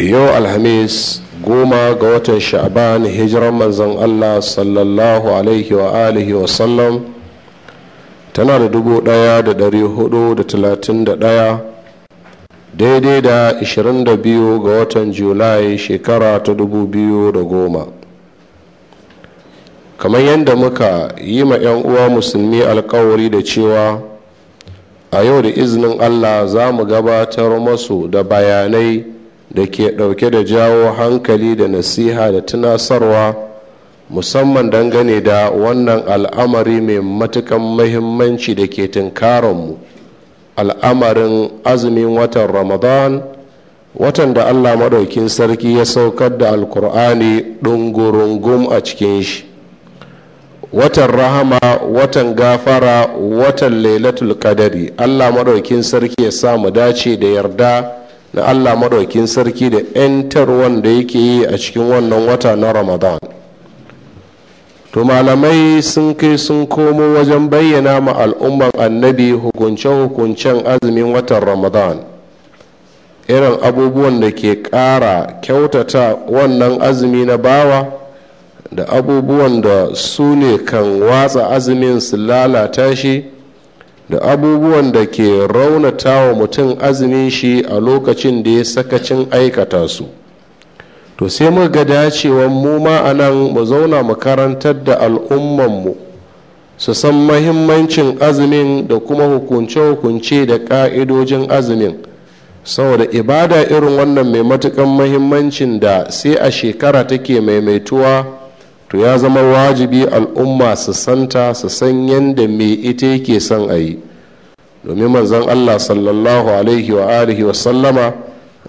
yau alhamis goma ga watan sha'ban hijiran manzan allah sallallahu alaihi wa alihi wa sallam tana da dubu daya da dari hudu da talatin da daya daidai da ishirin da biyu ga watan julai shekara ta dubu biyu da goma kamar yadda muka yi ma 'yan uwa musulmi alkawari da cewa a yau da izinin allah za mu gabatar masu da bayanai da ke ɗauke da jawo hankali da nasiha da tunasarwa musamman dangane da wannan al'amari mai matukan mahimmanci da ke mu. al'amarin azumin watan ramadan watan da allah maɗaukin sarki ya saukar da alkur'ani ɗungurungum a cikin shi watan rahama watan gafara watan lailatul Kadari allah maɗaukin sarki ya sa mu dace da yarda Na allah maɗaukin sarki da 'yantar wanda yake yi a cikin wannan wata na ramadan to malamai sun kai sun komo wajen bayyana ma al'umman annabi hukunce-hukuncen azumin watan ramadan irin abubuwan da ke ƙara kyautata wannan azumi na bawa da abubuwan da su ne kan watsa azumin su lalata shi da abubuwan da ke raunata wa mutum azumi shi a lokacin da ya sakacin aikata su to sai mu ga dacewan mu ma a nan mu zauna mu karantar da al'ummanmu su san mahimmancin azumin da kuma hukunce-hukunce da ƙa'idojin azumin saboda ibada irin wannan mai matukan mahimmancin da sai a shekara take maimaituwa to ya zama wajibi al'umma su santa su san yadda me ita yake son a yi domin manzan allah sallallahu alaihi wa alihi wa sallama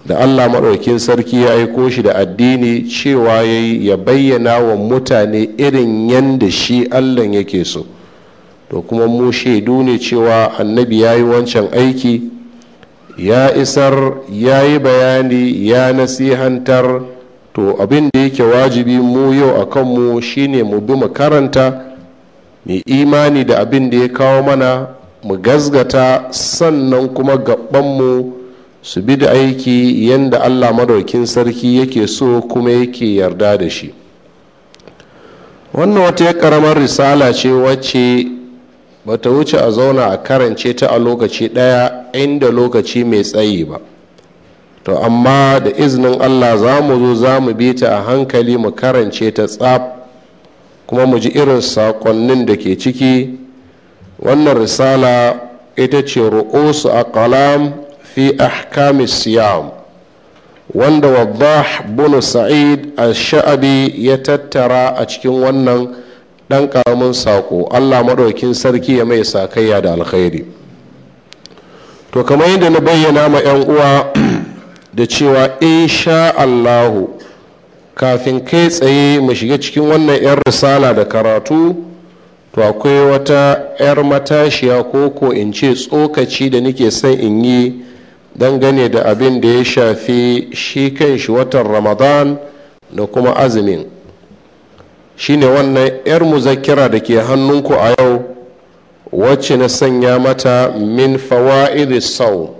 da allah maɗaukin sarki ya aiko shi da addini cewa ya yi ya bayyana wa mutane irin yadda shi allah yake so to kuma mu shaidu ne cewa annabi ya yi wancan aiki ya isar ya yi bayani ya nasihantar to abin da yake wajibi mu yau a kanmu shi ne mu bi makaranta mai imani da abin da ya kawo mana mu gazgata sannan kuma gabanmu su bi da aiki yadda allah madaukin sarki yake so kuma yake yarda da shi wannan wata ya karamar risala ce wacce bata wuce a zauna a karance ta a lokaci ɗaya inda lokaci mai tsayi ba to amma da izinin allah za mu zo za mu bi ta a hankali mu karance ta tsab kuma mu ji irin sakonnin da ke ciki wannan risala ita ce ru'usu a kalam fi ahkami siyam wanda waddah bunu sa'id al-sha'abi ya tattara a cikin wannan dan ƙaramin saƙo allah maɗaukin sarki ya mai sakayya da alkhairi to kamar yadda na bayyana ma 'yan uwa da cewa insha Allahu kafin kai tsaye mu shiga cikin wannan 'yan risala da karatu to akwai wata 'yar matashiya ko ko in ce tsokaci da nake son in yi dangane da abin da ya shafi shi kan shi watan ramadan da kuma azumin shine wannan 'yar muzakira da ke hannunku a yau wacce na sanya mata min fawa'idis saum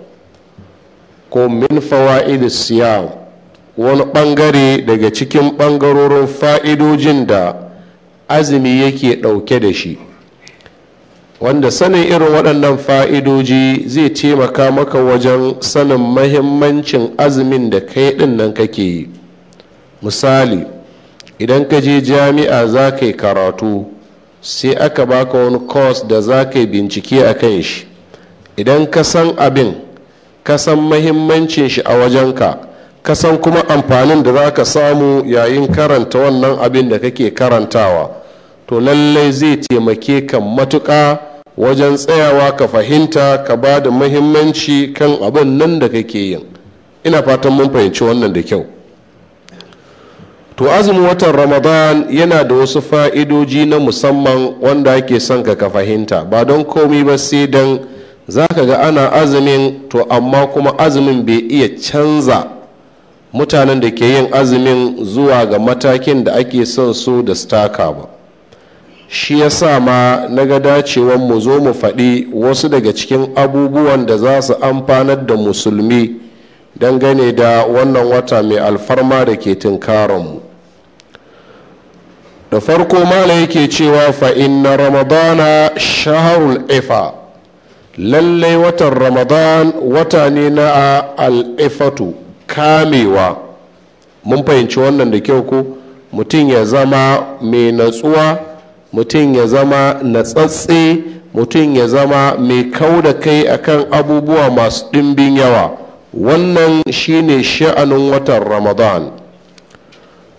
ko min fawa'id siyam wani ɓangare daga cikin ɓangarorin fa'idojin da azumi yake ɗauke da shi wanda sanin irin waɗannan fa'idoji zai taimaka maka wajen sanin mahimmancin azumin da kai ɗin nan kake yi misali idan ka je jami'a za ka yi karatu sai aka baka wani kwas da za ka yi bincike a kan shi idan ka san abin Kasan mahimmancin shi a wajenka ka kasan kuma amfanin da za ka samu yayin karanta wannan abin da kake karantawa to lallai zai taimake ka matuka wajen tsayawa ka fahimta ka ba da mahimmanci kan abin nan da kake yin ina fatan mun fahimci wannan da kyau to azumin watan ramadan yana da wasu fa'idoji na musamman wanda ake son ka fahimta ba don komi ba sai don za ka ga ana azumin to amma kuma azumin bai iya canza mutanen da ke yin azumin zuwa ga matakin da ake son su da staka ba shi ya sa ma na ga dacewan mu zo mu faɗi wasu daga cikin abubuwan da za su amfanar da musulmi gane da wannan wata mai alfarma da ke tunkaranmu da farko mala yake cewa fa'in na ramadana shaharul ifa lallai watan ramadan wata ne na al'ifatu kamewa mun fahimci wannan da kyau ku. mutum ya zama mai natsuwa mutum ya zama natsatse mutum ya zama mai kau da kai akan abubuwa masu ɗimbin yawa wannan shine sha'anin watan ramadan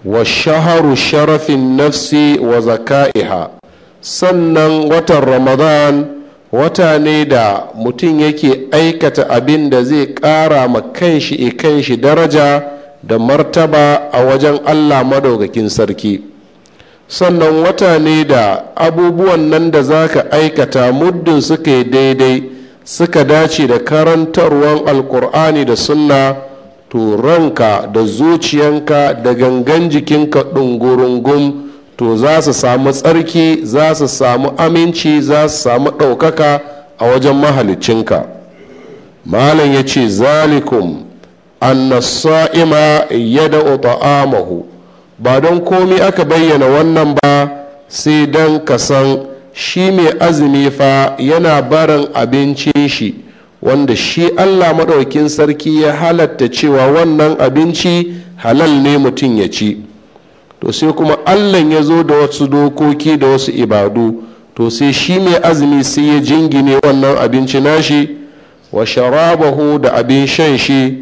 wa shaharu sharafin nafsi wa zaka'iha sannan watan ramadan wata ne da mutum yake aikata abin da zai ƙara ma kanshi e kanshi daraja da martaba a wajen allah madaukakin sarki sannan wata ne da abubuwan nan da zaka aikata muddin suka yi daidai suka dace da karantarwan alkur'ani da sunna to ranka da zuciyanka da gangan jikinka ɗungurungun to za su samu tsarki za su samu aminci za su samu ɗaukaka a wajen mahalicinka malam ya ce zalikum annasa'ima da ta'amahu ba don komi aka bayyana wannan ba sai don ka san shi mai azumi fa yana barin abinci shi wanda shi allah maɗaukin sarki ya halatta cewa wannan abinci halal ne mutum ya ci to sai kuma allah ya zo da wasu dokoki da wasu ibadu to sai shi mai azumi sai ya jingine wannan abinci nashi wa sharabahu da abin shan shi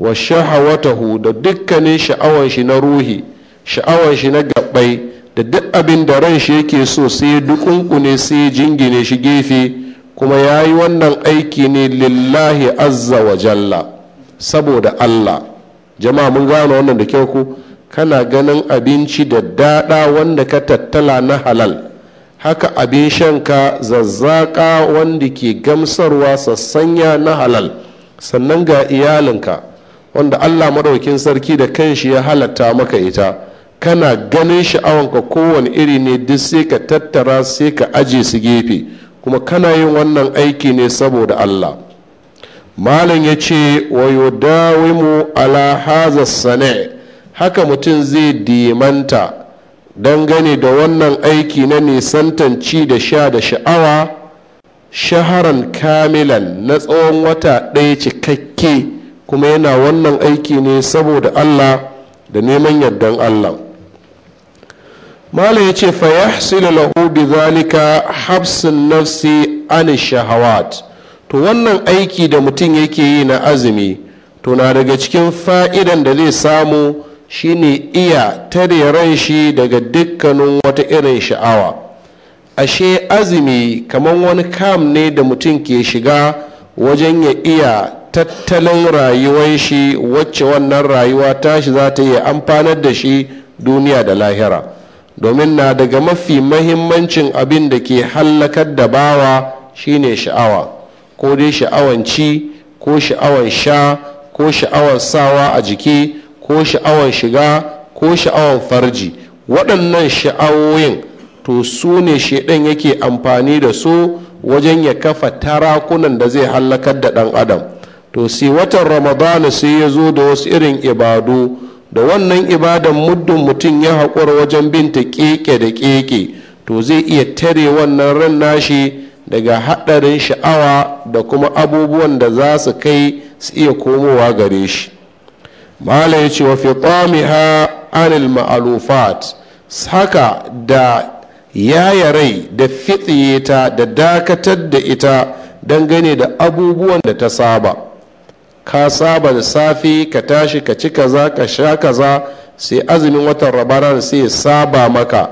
wa shahawatahu da dukkanin sha'awan shi na ruhi sha'awan shi na gabbai da duk abin da ran shi yake so sai ya dukunkune sai ya jingine shi gefe kuma ya yi wannan aiki ne lillahi azza wa jalla saboda allah jama'a mun gane wannan da kyau ku kana ganin abinci da daɗa wanda ka tattala na halal haka abin shanka zazzaƙa wanda ke gamsarwa sassanya na halal sannan ga iyalinka wanda allah maɗaukin sarki da kan shi ya halatta maka ita kana ganin sha'awanka kowane iri ne duk sai ka tattara sai ka aje su gefe kuma kana yin wannan aiki ne saboda allah malam ya ce wayo dawimu ala haza sane' haka mutum zai dimanta dangane da wannan aiki na nisantan ci da sha da sha'awa shaharan kamilan na tsawon wata ɗaya cikakke kuma yana wannan aiki ne saboda allah da neman yardan allah malam ya ce fayahsilu lahu zalika hafsin nafsi an shahawat to wannan aiki da mutum yake yi na azumi to na daga cikin fa'idan da zai samu shine iya tare ran shi daga dukkanin wata irin sha'awa ashe azumi kamar wani kam ne da mutum ke shiga wajen ya iya tattalin rayuwar shi wacce wannan rayuwa tashi za ta yi amfanar da shi duniya da lahira domin na daga mafi mahimmancin abin da ke hallakar da bawa shine sha'awa ko dai sha'awan ci ko sha'awan sha ko sha'awan sawa a jiki ko sha'awar shiga ko sha'awar farji waɗannan sha'awoyin to su ne shaidan yake amfani da su wajen ya kafa tarakunan da zai hallakar da ɗan adam to sai watan ramadana sai ya zo da wasu irin ibadu da wannan ibadan muddin mutum ya haƙura wajen binta keke da keke to zai iya tare wannan ran nashi daga haɗarin sha'awa da kuma abubuwan da za su kai su iya komowa gare shi mala ya ce wa fi tsamiha anil ma'alufat haka da ya rai da fitsiye ta da dakatar da ita dangane da abubuwan da ta saba ka saba da safe ka tashi ka ci kaza ka sha kaza sai azumin watan rabaran sai saba maka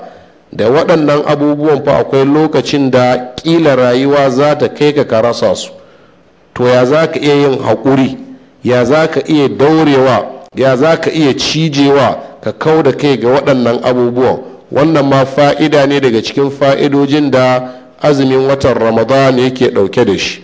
da waɗannan abubuwan fa akwai lokacin da ƙila rayuwa za ta kai ka ka rasa su to ya za ka iya yin haƙuri ya za ka iya daurewa ya za ka iya cijewa ka kau da kai ga waɗannan abubuwan wannan ma fa'ida ne daga cikin fa'idojin da azumin watan ramadan yake ɗauke da shi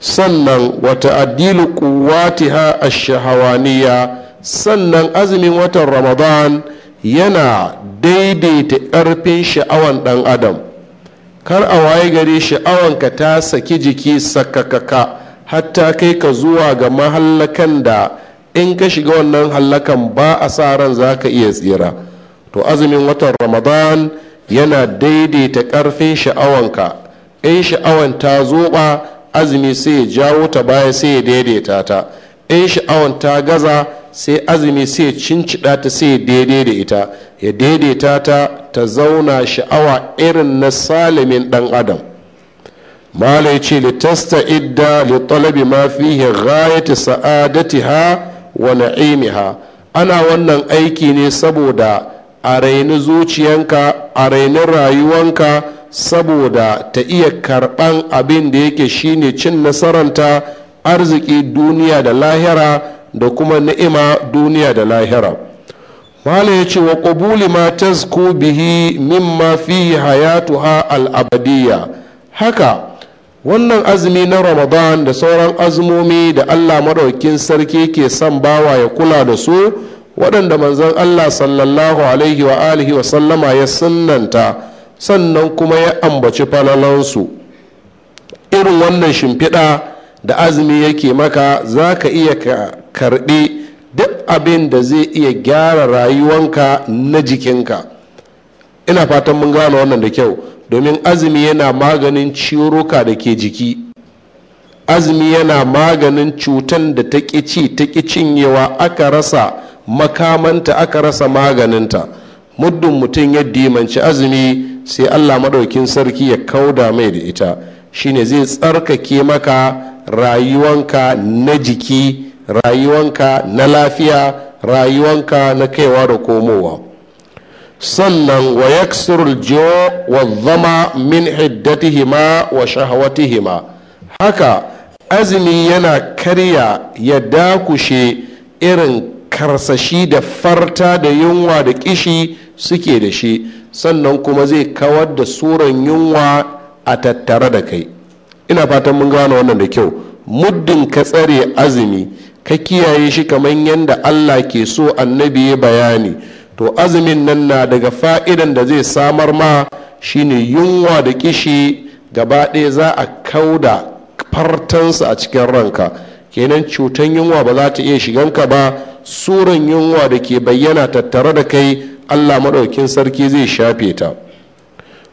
sannan wata adilu kuwatiha a shahawaniya sannan azumin watan ramadan yana daidaita ƙarfin sha'awan ɗan adam kar a waye gare sha'awanka ta saki jiki sakakaka hatta kai ka zuwa ga mahallakan da in ka shiga wannan hallakan ba a sa ran za ka iya tsira to azumin watan ramadan yana daidaita ƙarfin sha'awanka in sha'awan ta zoɓa azumi sai ya jawo ta baya sai ya daidaita ta in sha'awan ta gaza sai azumi sai ya cincida ta sai ya daidaita ita ya daidaita ta ta zauna sha'awa irin na salimin ɗan adam malai ce Littasta, idda li talabi ma fihi ghayati sa'adatiha wa na'imiha ana wannan aiki ne saboda a raini zuciyanka a raini rayuwanka saboda ta iya karɓan abin da yake shine cin nasaranta arziki duniya da lahira da kuma ni'ima duniya da lahira mala ya ce wa ƙubuli ma ta bihi mimma fi hayatuha al'abadiyya haka wannan azumi na ramadan da sauran azumomi da allah maɗaukin sarki ke son bawa ya kula da su waɗanda manzon allah sallallahu alaihi wa alihi wa sallama ya sunanta sannan kuma ya ambaci falalansu irin wannan shimfiɗa da azumi yake maka za ka iya karɓi duk abin da zai iya gyara rayuwanka na jikinka ina fatan mun gane wannan da kyau domin azumi yana maganin ciwuruka da ke jiki azumi yana maganin cutan da ta ci ta cinyewa aka rasa makamanta aka rasa maganinta muddin mutum ya dimanci azumi sai allah maɗaukin sarki ya kauda mai da ita shine zai tsarkake maka rayuwanka na jiki rayuwanka na lafiya rayuwanka na kaiwa da komowa sannan wa yaksirul jo wa zama min hiddatihima wa shahawatihima haka azumi yana karya ya dakushe irin karsashi da farta da yunwa da kishi suke da shi sannan kuma zai kawar da suran yunwa a tattare da kai ina fatan mun gane wannan da kyau muddin ka tsare azumi ka kiyaye shi kamar yadda allah ke so annabi ya bayani to azumin nan na daga fa'idan da zai samar ma shine yunwa da kishi gaba ɗaya za a da fartansa a cikin ranka kenan cutan yunwa ba za ta iya shiganka ba suran yunwa da ke bayyana tattare da kai allah maɗaukin sarki zai shafe ta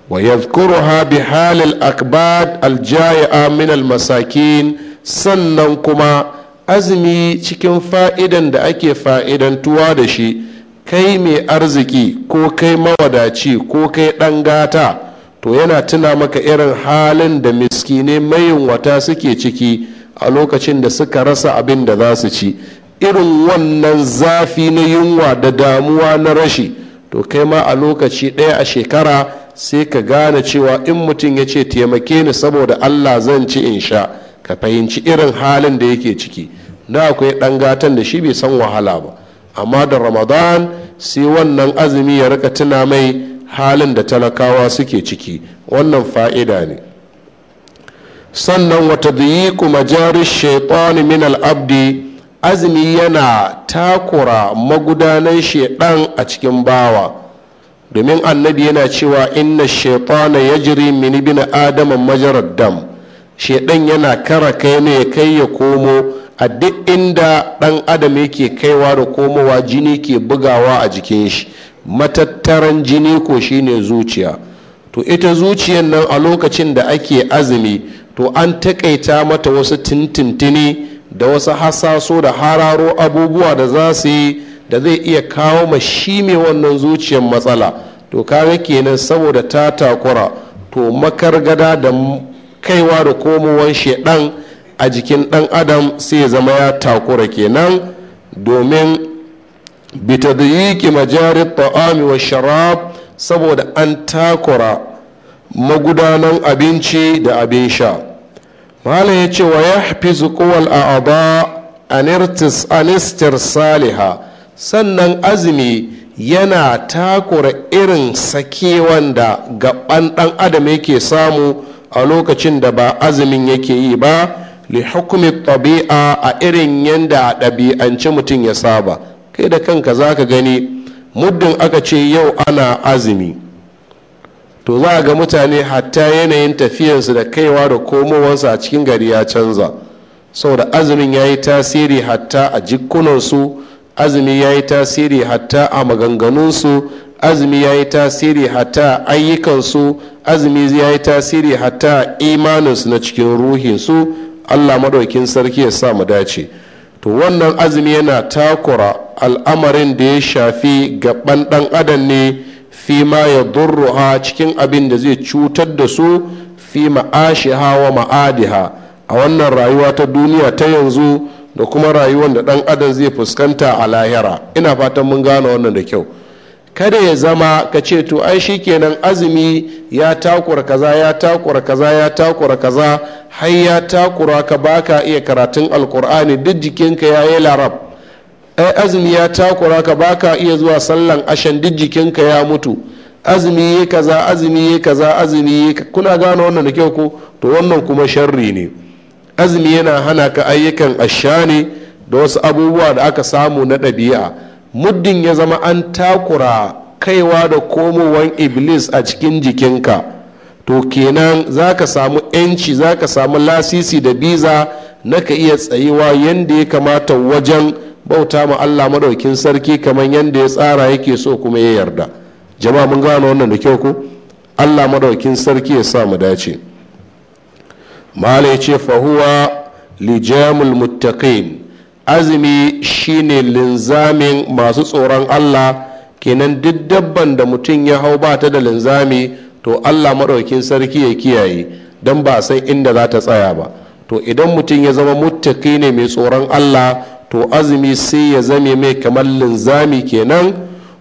wa yadhkuruha bi halil akbad aljaya'a min almasakin sannan kuma azumi cikin fa'idan da ake fa'idantuwa da shi kai mai arziki ko kai mawadaci ko kai ɗan gata to yana tuna maka irin halin da miskine mayunwata suke ciki a lokacin da suka rasa abin da za su ci irin wannan zafi na yunwa da damuwa na rashi to kai ma a lokaci ɗaya a shekara sai ka gane cewa in mutum ya ce taimake ni saboda allah zan ci in sha ka fahimci irin halin da yake ciki na akwai ɗan gatan da shi bai san wahala ba amma da ramadan sai wannan azumi ya rika tuna mai halin da talakawa suke ciki wannan fa'ida ne sannan wata kuma jarin shaitani min al'abdi azumi yana takura magudanan shaitan a cikin bawa domin annabi yana cewa inna shaitana ya jiri mini bin adama majarar dam shaitan yana kara kai ne kai ya komo a duk inda ɗan adam yake kaiwa da komowa jini ke bugawa a jikin shi matattaran jini ko shine zuciya to ita zuciyar nan a lokacin da ake azumi to an takaita mata wasu tintintini da wasu hasaso da hararo abubuwa da za su yi da zai iya kawo ma shi mai wannan zuciyar matsala to kaga kenan saboda ta takura to makargada da kaiwa da komowar shedan a jikin ɗan adam sai zama ya takura kenan domin da bitadiyiki majarit ta'ami wa sharab saboda an takura magudanan abinci da abin sha malam ya ce wa ya fi zukuwal aba anistar saliha sannan azumi yana takura irin sakewan da gaban ɗan adam yake samu a lokacin da ba azumin yake yi ba li hukumi tabi'a a irin yanda a ɗabi'ance mutum ya saba kai da kanka za ka gani muddin aka ce yau ana azumi to za ga mutane hatta yanayin tafiyarsu da kaiwa da komowarsu a cikin gari ya canza saboda azumin ya yi tasiri hatta a jikunansu azumi ya yi tasiri hatta a maganganunsu azumi ya yi tasiri hatta ayyukansu azumi ya yi tasiri hatta imaninsu na cikin ruhinsu allah madaukin sarki ya sa mu dace to wannan azumi yana takura al'amarin da ya shafi gaban ɗan adam ne fi ma ya durruha cikin abin da zai cutar da su fi ma'ashiha wa ma'adiha a wannan rayuwa ta duniya ta yanzu da kuma rayuwar da ɗan adam zai fuskanta a lahira ina fatan mun gane wannan da kyau kada ya zama ka ce to ai kenan azumi ya takura kaza ya takura kaza ya takura kaza har ya takura ka baka iya karatun alkur'ani duk jikinka ya yi larab ai azumi ya takura ka baka iya zuwa sallan ashan duk jikinka ya mutu azumi yi kaza azumi yi kaza azumi yi kuna gane wannan da kyau ko to wannan kuma sharri ne azumi yana hana ka ayyukan asha ne da wasu abubuwa da aka samu na ɗabi'a muddin ya zama an takura kaiwa da komowan iblis a cikin jikinka to kenan za ka samu 'yanci za ka samu lasisi da biza na ka iya tsayiwa yadda ya kamata wajen bauta ma allah maɗaukin sarki kamar yadda ya tsara yake so kuma ya yarda jama'a mun gano wannan da kyau ku. allah maɗaukin sarki ya sa mu dace ya ce fahuwa lijamul muttaqin azumi shine linzamin masu tsoron allah kenan duk dabban da mutum ya hau ba ta da linzami to allah maɗaukin sarki ya kiyaye don ba san inda za ta tsaya ba to idan mutum ya zama muttaki ne mai tsoron allah to azumi sai ya zame mai kamar linzami kenan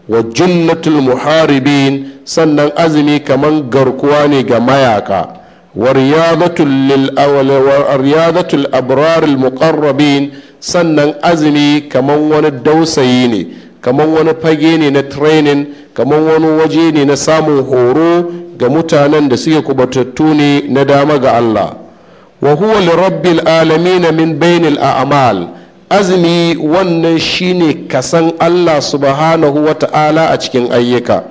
wa junnatul muharibin sannan azumi kamar garkuwa ne ga mayaka wa riyadatul abrar muqarrabin sannan azumi kamar wani dausayi ne kamar wani fage ne na training kamar wani waje ne na samun horo ga mutanen da suke kubatattu ne na dama ga Allah wa huwa lirabbil alamin min bainil a'mal azumi wannan shine kasan Allah subhanahu wata'ala ta'ala a cikin ayyuka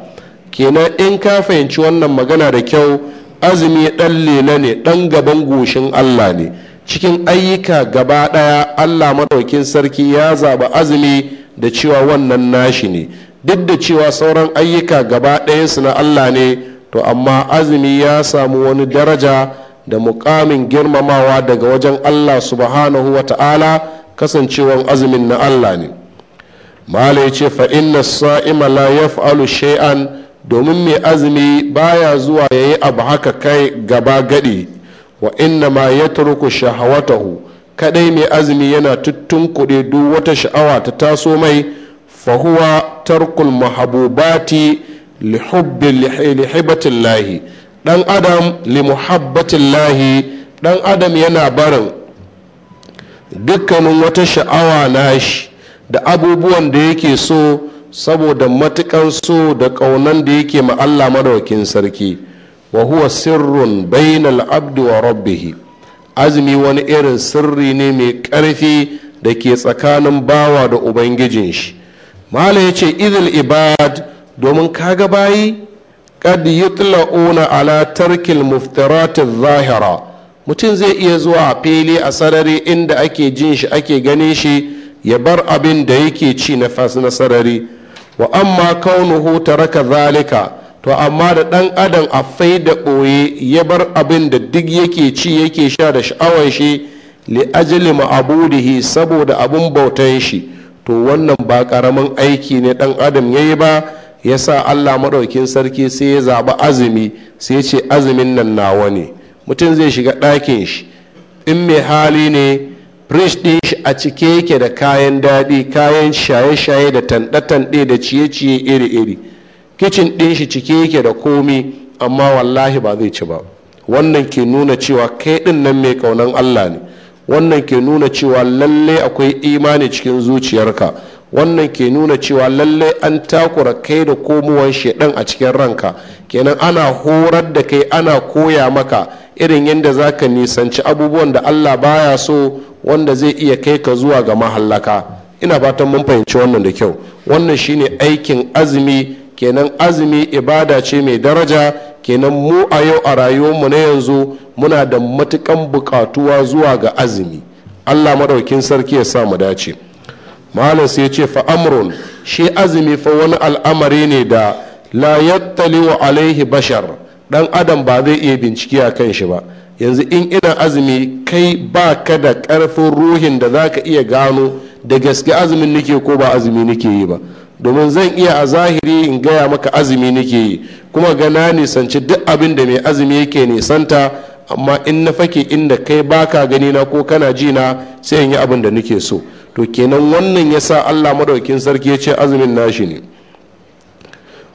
kenan in ka fahimci wannan magana da kyau azumi dan lela ne dan gaban goshin Allah ne cikin ayyuka gaba ɗaya allah maɗaukin sarki ya zaɓi azumi da cewa wannan nashi ne duk da cewa sauran ayyuka gaba su na allah ne to amma azumi ya samu wani daraja da mukamin girmamawa daga wajen allah subhanahu wa ta'ala kasancewan azumin na allah ne mala ya ce fa'inna sa'ima la yaf'alu shay'an domin mai azumi baya zuwa ya yi abu haka kai gaba gadi wa inna ma ya yatruku shahawatahu kadai mai azumi yana tuttunkuɗe duk wata sha'awa ta taso mai fahuwa tarkul mahabubati lahi ɗan adam lahi ɗan adam yana barin dukkanin wata sha'awa na shi da abubuwan da yake so saboda matukan so da ƙaunan da yake ma Allah madawakin sarki wa huwa sirrun bainal Abdu wa azumi wani irin sirri ne mai ƙarfi da ke tsakanin bawa da ubangijin shi mala ya ce idil ibad domin kaga bayi kad yutla'una ala tarkil muftarati zahira mutum zai iya zuwa a fili a sarari inda ake jin shi ake ganin shi ya bar abin da yake ci na sarari wa amma kaunuhu taraka zalika to amma da ɗan adam a fai da ɓoye ya bar abin da duk yake ci yake sha da sha'awar shi li ajali ma'abudihi saboda abin bautan shi to wannan ba ƙaramin aiki ne ɗan adam ya yi ba ya sa allah maɗaukin sarki sai ya zaɓi azumi sai ce azumin nan nawa ne mutum zai shiga ɗakin shi in mai hali ne firish ɗin shi a cike yake da kayan daɗi kayan shaye-shaye da tanɗe-tanɗe da ciye-ciye iri-iri kicin ɗin shi cike yake da komi amma wallahi ba zai ci ba wannan ke nuna cewa kai ɗin nan mai kaunan allah ne wannan ke nuna cewa lalle akwai imani cikin zuciyarka wannan ke nuna cewa lalle an takura kai da komowar shaidan a cikin ranka kenan ana horar da kai ana koya maka irin yadda za ka nisanci abubuwan da allah baya so wanda zai iya kai ka zuwa ga mahallaka ina fatan mun fahimci wannan da kyau wannan shine aikin azumi kenan azumi ibada ce mai daraja kenan mu a yau a rayuwarmu na yanzu muna da matukan bukatuwa zuwa ga azumi allah maɗaukin sarki ya sa mu dace malam sai ce fa shi azumi fa wani al'amari ne da la yattali wa alaihi bashar dan adam ba zai iya bincike a kan shi ba yanzu in ina azumi kai ba ka da karfin ruhin da za ka iya gano da gaske azumin nake ko ba azumi nake yi ba domin zan iya a zahiri in gaya maka azumi nake yi kuma gana nisanci duk abin da mai azumi yake nisanta amma in na fake inda kai baka gani na ko kana ji na sai in yi abin da nake so to kenan wannan ya sa Allah madaukin sarki ya ce azumin nashi ne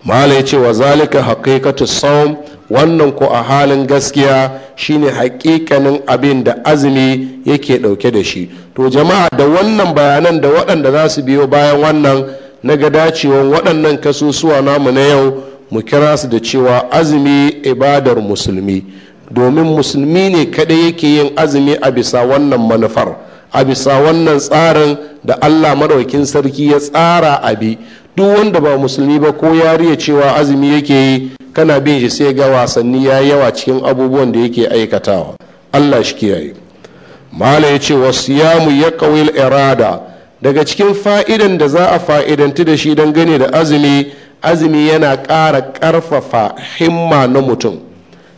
mala ya ce wa zalika hakikatu saum wannan ko a halin gaskiya shine hakikanin abin da azumi yake dauke da shi to jama'a da wannan bayanan da waɗanda za su biyo bayan wannan na ga dacewan waɗannan kasusuwa namu na yau mu kira su da cewa azumi ibadar musulmi domin musulmi ne kaɗai yake yin azumi a bisa wannan manufar a bisa wannan tsarin da allah maɗaukin sarki ya tsara a bi. duk wanda ba musulmi ba ko yariya cewa azumi yake yi kana bin shi sai ga wasanni ya yawa cikin abubuwan da yake aikatawa allah shi kiyaye mala ya ce wasu mu ya irada daga cikin fa'idan da za a fa'idanti da shi don gane da azumi azumi yana ƙara ƙarfafa himma na mutum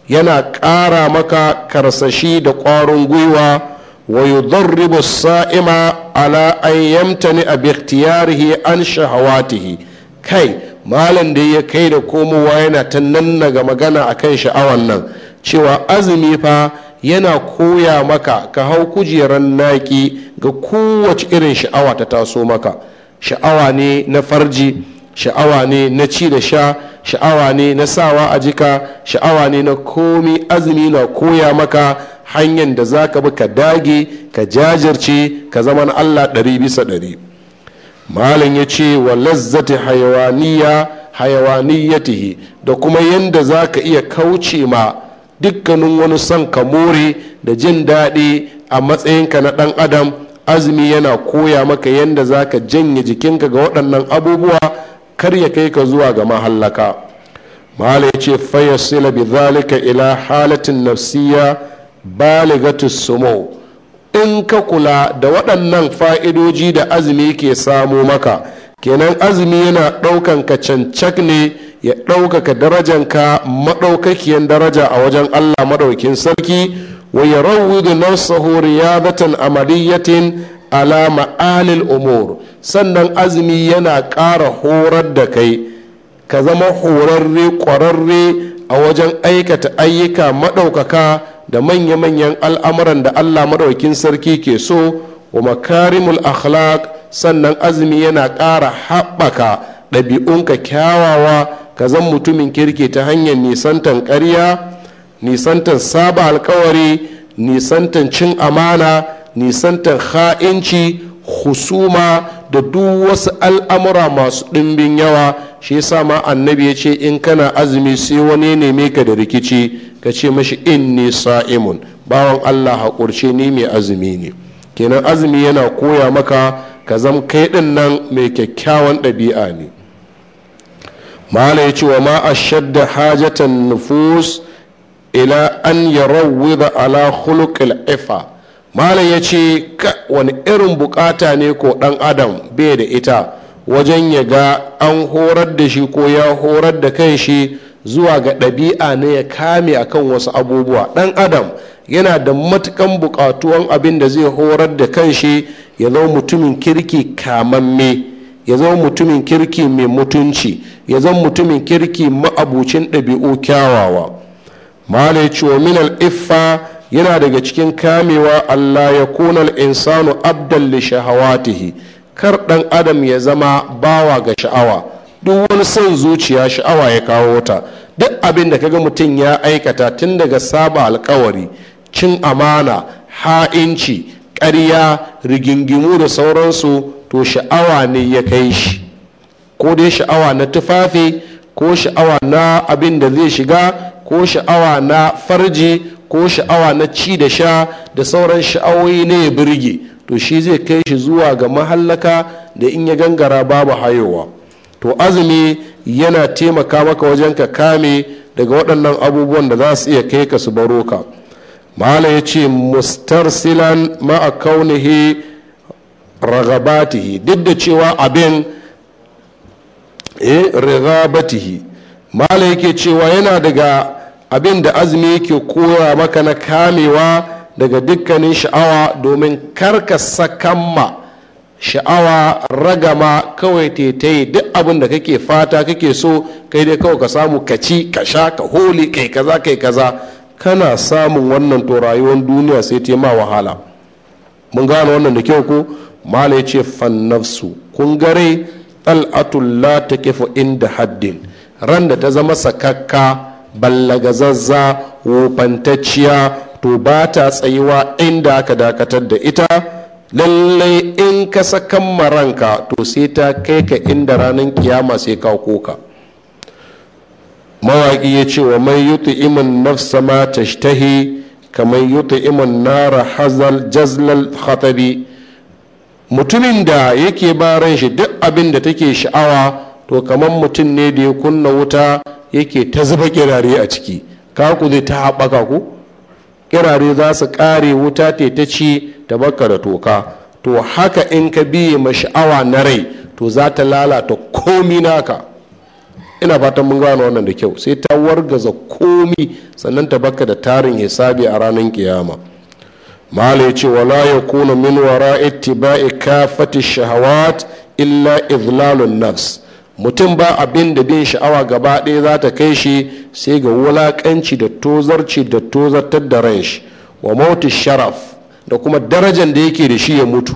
yana ƙara maka karsashi da ƙwarin gwiwa wa yudharribu sa'ima ala ayyamta a bikhtiyarihi an shahawatihi kai malam da ya kai da komowa yana ta nannaga magana akan sha'awan nan cewa azumi fa yana koya maka ka hau kujerar naki ga kowace irin sha'awa ta taso maka sha'awa ne na farji sha'awa ne na ci da sha sha'awa ne na sawa a jika sha'awa ne na komi azumi na koya maka hanyar da za ka bi ka dage ka jajirce ka zama na allah ɗari bisa ɗari malam ya ce wa lazzati hayawaniya hayawaniyatihi da kuma yadda za ka iya kauce ma dukkanin wani son ka more da jin daɗi a matsayinka na ɗan adam azumi yana koya maka yadda za ka janye jikinka ga waɗannan abubuwa kar ya kai ka zuwa ga mahallaka mahala ya ce fayyasila bi zalika ila halatin nafsiya baligatu sumo in ka kula da waɗannan fa'idoji da azumi ke samo maka kenan azumi yana ɗaukan ka cancak ne ya ɗaukaka darajanka maɗaukakiyan daraja a wajen allah maɗaukin sarki wa ya rawudu nafsahu riyadatan amaliyatin ala ma'alil umur sannan azumi yana ƙara horar da kai ka zama horarre ƙwararre a wajen aikata ayyuka maɗaukaka da manya-manyan al'amuran da allah maɗaukin sarki ke so wa makarimul akhlaq sannan azumi yana ƙara haɓaka ɗabi'unka kyawawa ka zan mutumin kirki ta hanyar nisantan ƙarya nisantan saba alkawari nisantan cin amana nisantan ha'inci husuma da duk wasu al'amura masu ɗimbin yawa shi yasa ma annabi ya ce in kana azumi sai wani neme ka da rikici ka ce mashi inni sa'imun bawan allah haƙurce ni mai azumi ne kenan azumi yana koya maka ka zam kai ɗin nan mai kyakkyawan ɗabi'a ne mala ya ce wa ma ashadda hajatan nufus ila an da ala khuluqil EFA? mala ya ce wani irin bukata ne ko dan adam bai da ita wajen ya ga an horar da shi ko ya horar da kan shi zuwa ga ɗabi'a ne ya kame akan wasu abubuwa ɗan adam yana da matukan buƙatuwan abin da zai horar da kan shi ya zama mutumin kirki kamamme ya zama mutumin kirki mai mutunci ya zama mutumin kirki ma'abucin ɗabi'u kyawawa mala ya minal iffa yana daga cikin kamewa allah ya kunal insanu abdalli li shahawatihi kar ɗan adam ya zama bawa ga sha'awa duk wani son zuciya sha'awa ya kawo ta duk abin da kaga mutum ya aikata tun daga saba alkawari cin amana ha'inci ƙarya rigingimu da sauransu to sha'awa ne ya kai shi ko dai sha'awa na tufafi ko sha'awa na abin da zai shiga ko sha'awa na farji ko sha'awa na ci da sha da sauran sha'awoyi ne ya birge to shi zai kai shi zuwa ga mahallaka da in ya gangara babu hayowa to azumi yana taimaka maka wajen ka kame daga waɗannan abubuwan da za su iya kai ka su baro ka mala ya ce mustarsilan ma'a kaunihi ragabatihi duk da cewa abin ragabatihi mala yake cewa yana daga abin da azumi yake koya maka na kamewa daga dukkanin sha'awa domin karka sakamma sha'awa ragama kawai taitai duk abin da kake fata kake so kai dai kawai ka samu ka ci ka sha ka hole kai kaza kai kaza kana samun wannan to rayuwar duniya sai ta ma wahala mun gane wannan da kyau ko mala ya ce fannafsu kun gare ɗal'atun la ta kifa inda haddin ran da ta zama sakakka ballagazazza wofantacciya to ba ta tsayuwa inda aka dakatar da ita lallai in ka sakan maranka to sai ta kai ka inda ranar kiyama sai ka koka mawaƙi ya ce wa mai yutu iman nafsa ma tashtahi kamar yutu iman nara hazal jazlal khatabi mutumin da yake ba ran shi duk abin da take sha'awa to kamar mutum ne da ya kunna wuta yake ta zuba kirare a ciki ka ku zai ta haɓaka ku kirare za su ƙare wuta te ta ci ta baka da toka to haka in ka biye ma sha'awa na rai to za ta lalata komi naka ina fatan mun gano wannan da kyau sai ta wargaza komi sannan ta baka da tarin hisabi a ranar kiyama malai ce wala ya kuna min wara ittiba'i kafati shahawat illa izlalun nafs mutum ba abin da bin sha'awa gaba ɗaya za ta kai shi sai ga wulaƙanci da tozarci da tozartar da ran shi wa mauti sharaf da kuma darajar da yake da shi ya mutu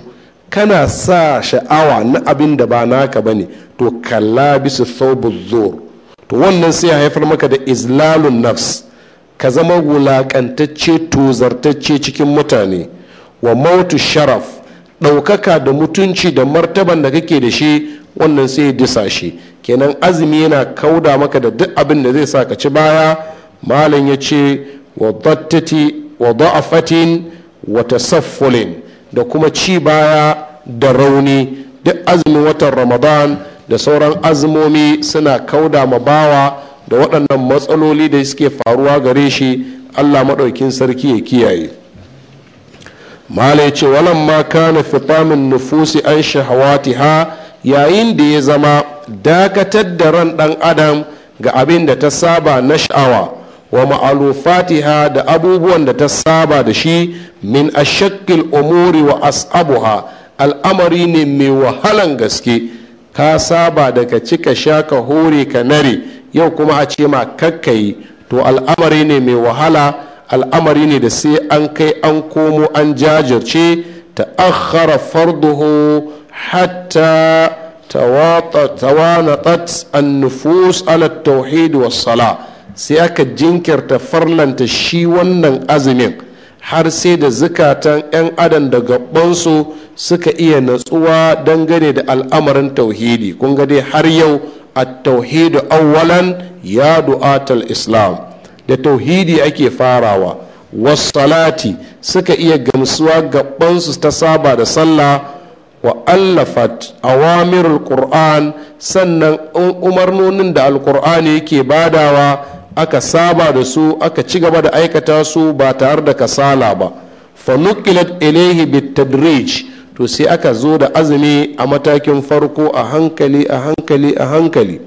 kana sa sha'awa na abin da ba naka bane to kalla bisu thawbu zur to wannan sai ya haifar maka da izlalun nafs ka zama wulakantacce tozartacce cikin mutane wa mautu sharaf ɗaukaka da mutunci da martaban da kake da shi wannan sai ya disa shi kenan azumi yana kauda maka da duk abin da zai sa ka ci baya malam ya ce wa da'afatin wa tasaffulin da kuma ci baya da rauni duk azumin watan ramadan da sauran azumomi suna kauda ma bawa da waɗannan matsaloli da suke faruwa gare shi allah maɗaukin sarki ya kiyaye mala ya ce walan ma kana fitamin nufusi an ha yayin da ya zama dakatar da ran ɗan adam ga abin da ta saba na sha'awa wa ma'alufatiha da abubuwan da ta saba da shi min ashakkil umuri wa as'abuha al'amari ne mai wahalan gaske ka saba daga ka shaka sha ka hore ka nare yau kuma a ce ma kakkai to al'amari ne mai wahala al'amari ne da sai an kai an komo an jajirce ta akhara farduhu hatta tawanatat an-nufus ala tauhid wa sala sai aka jinkirta farlanta shi wannan azumin har sai da zukatan 'yan adam da gabansu suka iya natsuwa dangane da al'amarin tauhidi kun ga dai har yau A tauhidu awwalan ya du'atul islam da tauhidi ake farawa wassalati suka iya gamsuwa gabansu ta saba da sallah wa allafat awamirul qur'an sannan umarnonin da alqur'ani yake badawa aka saba da su aka ci gaba da aikata su ba tare da kasala ba fa nuqilat ilayhi bitadrij to sai aka zo da azumi a matakin farko a hankali a hankali a hankali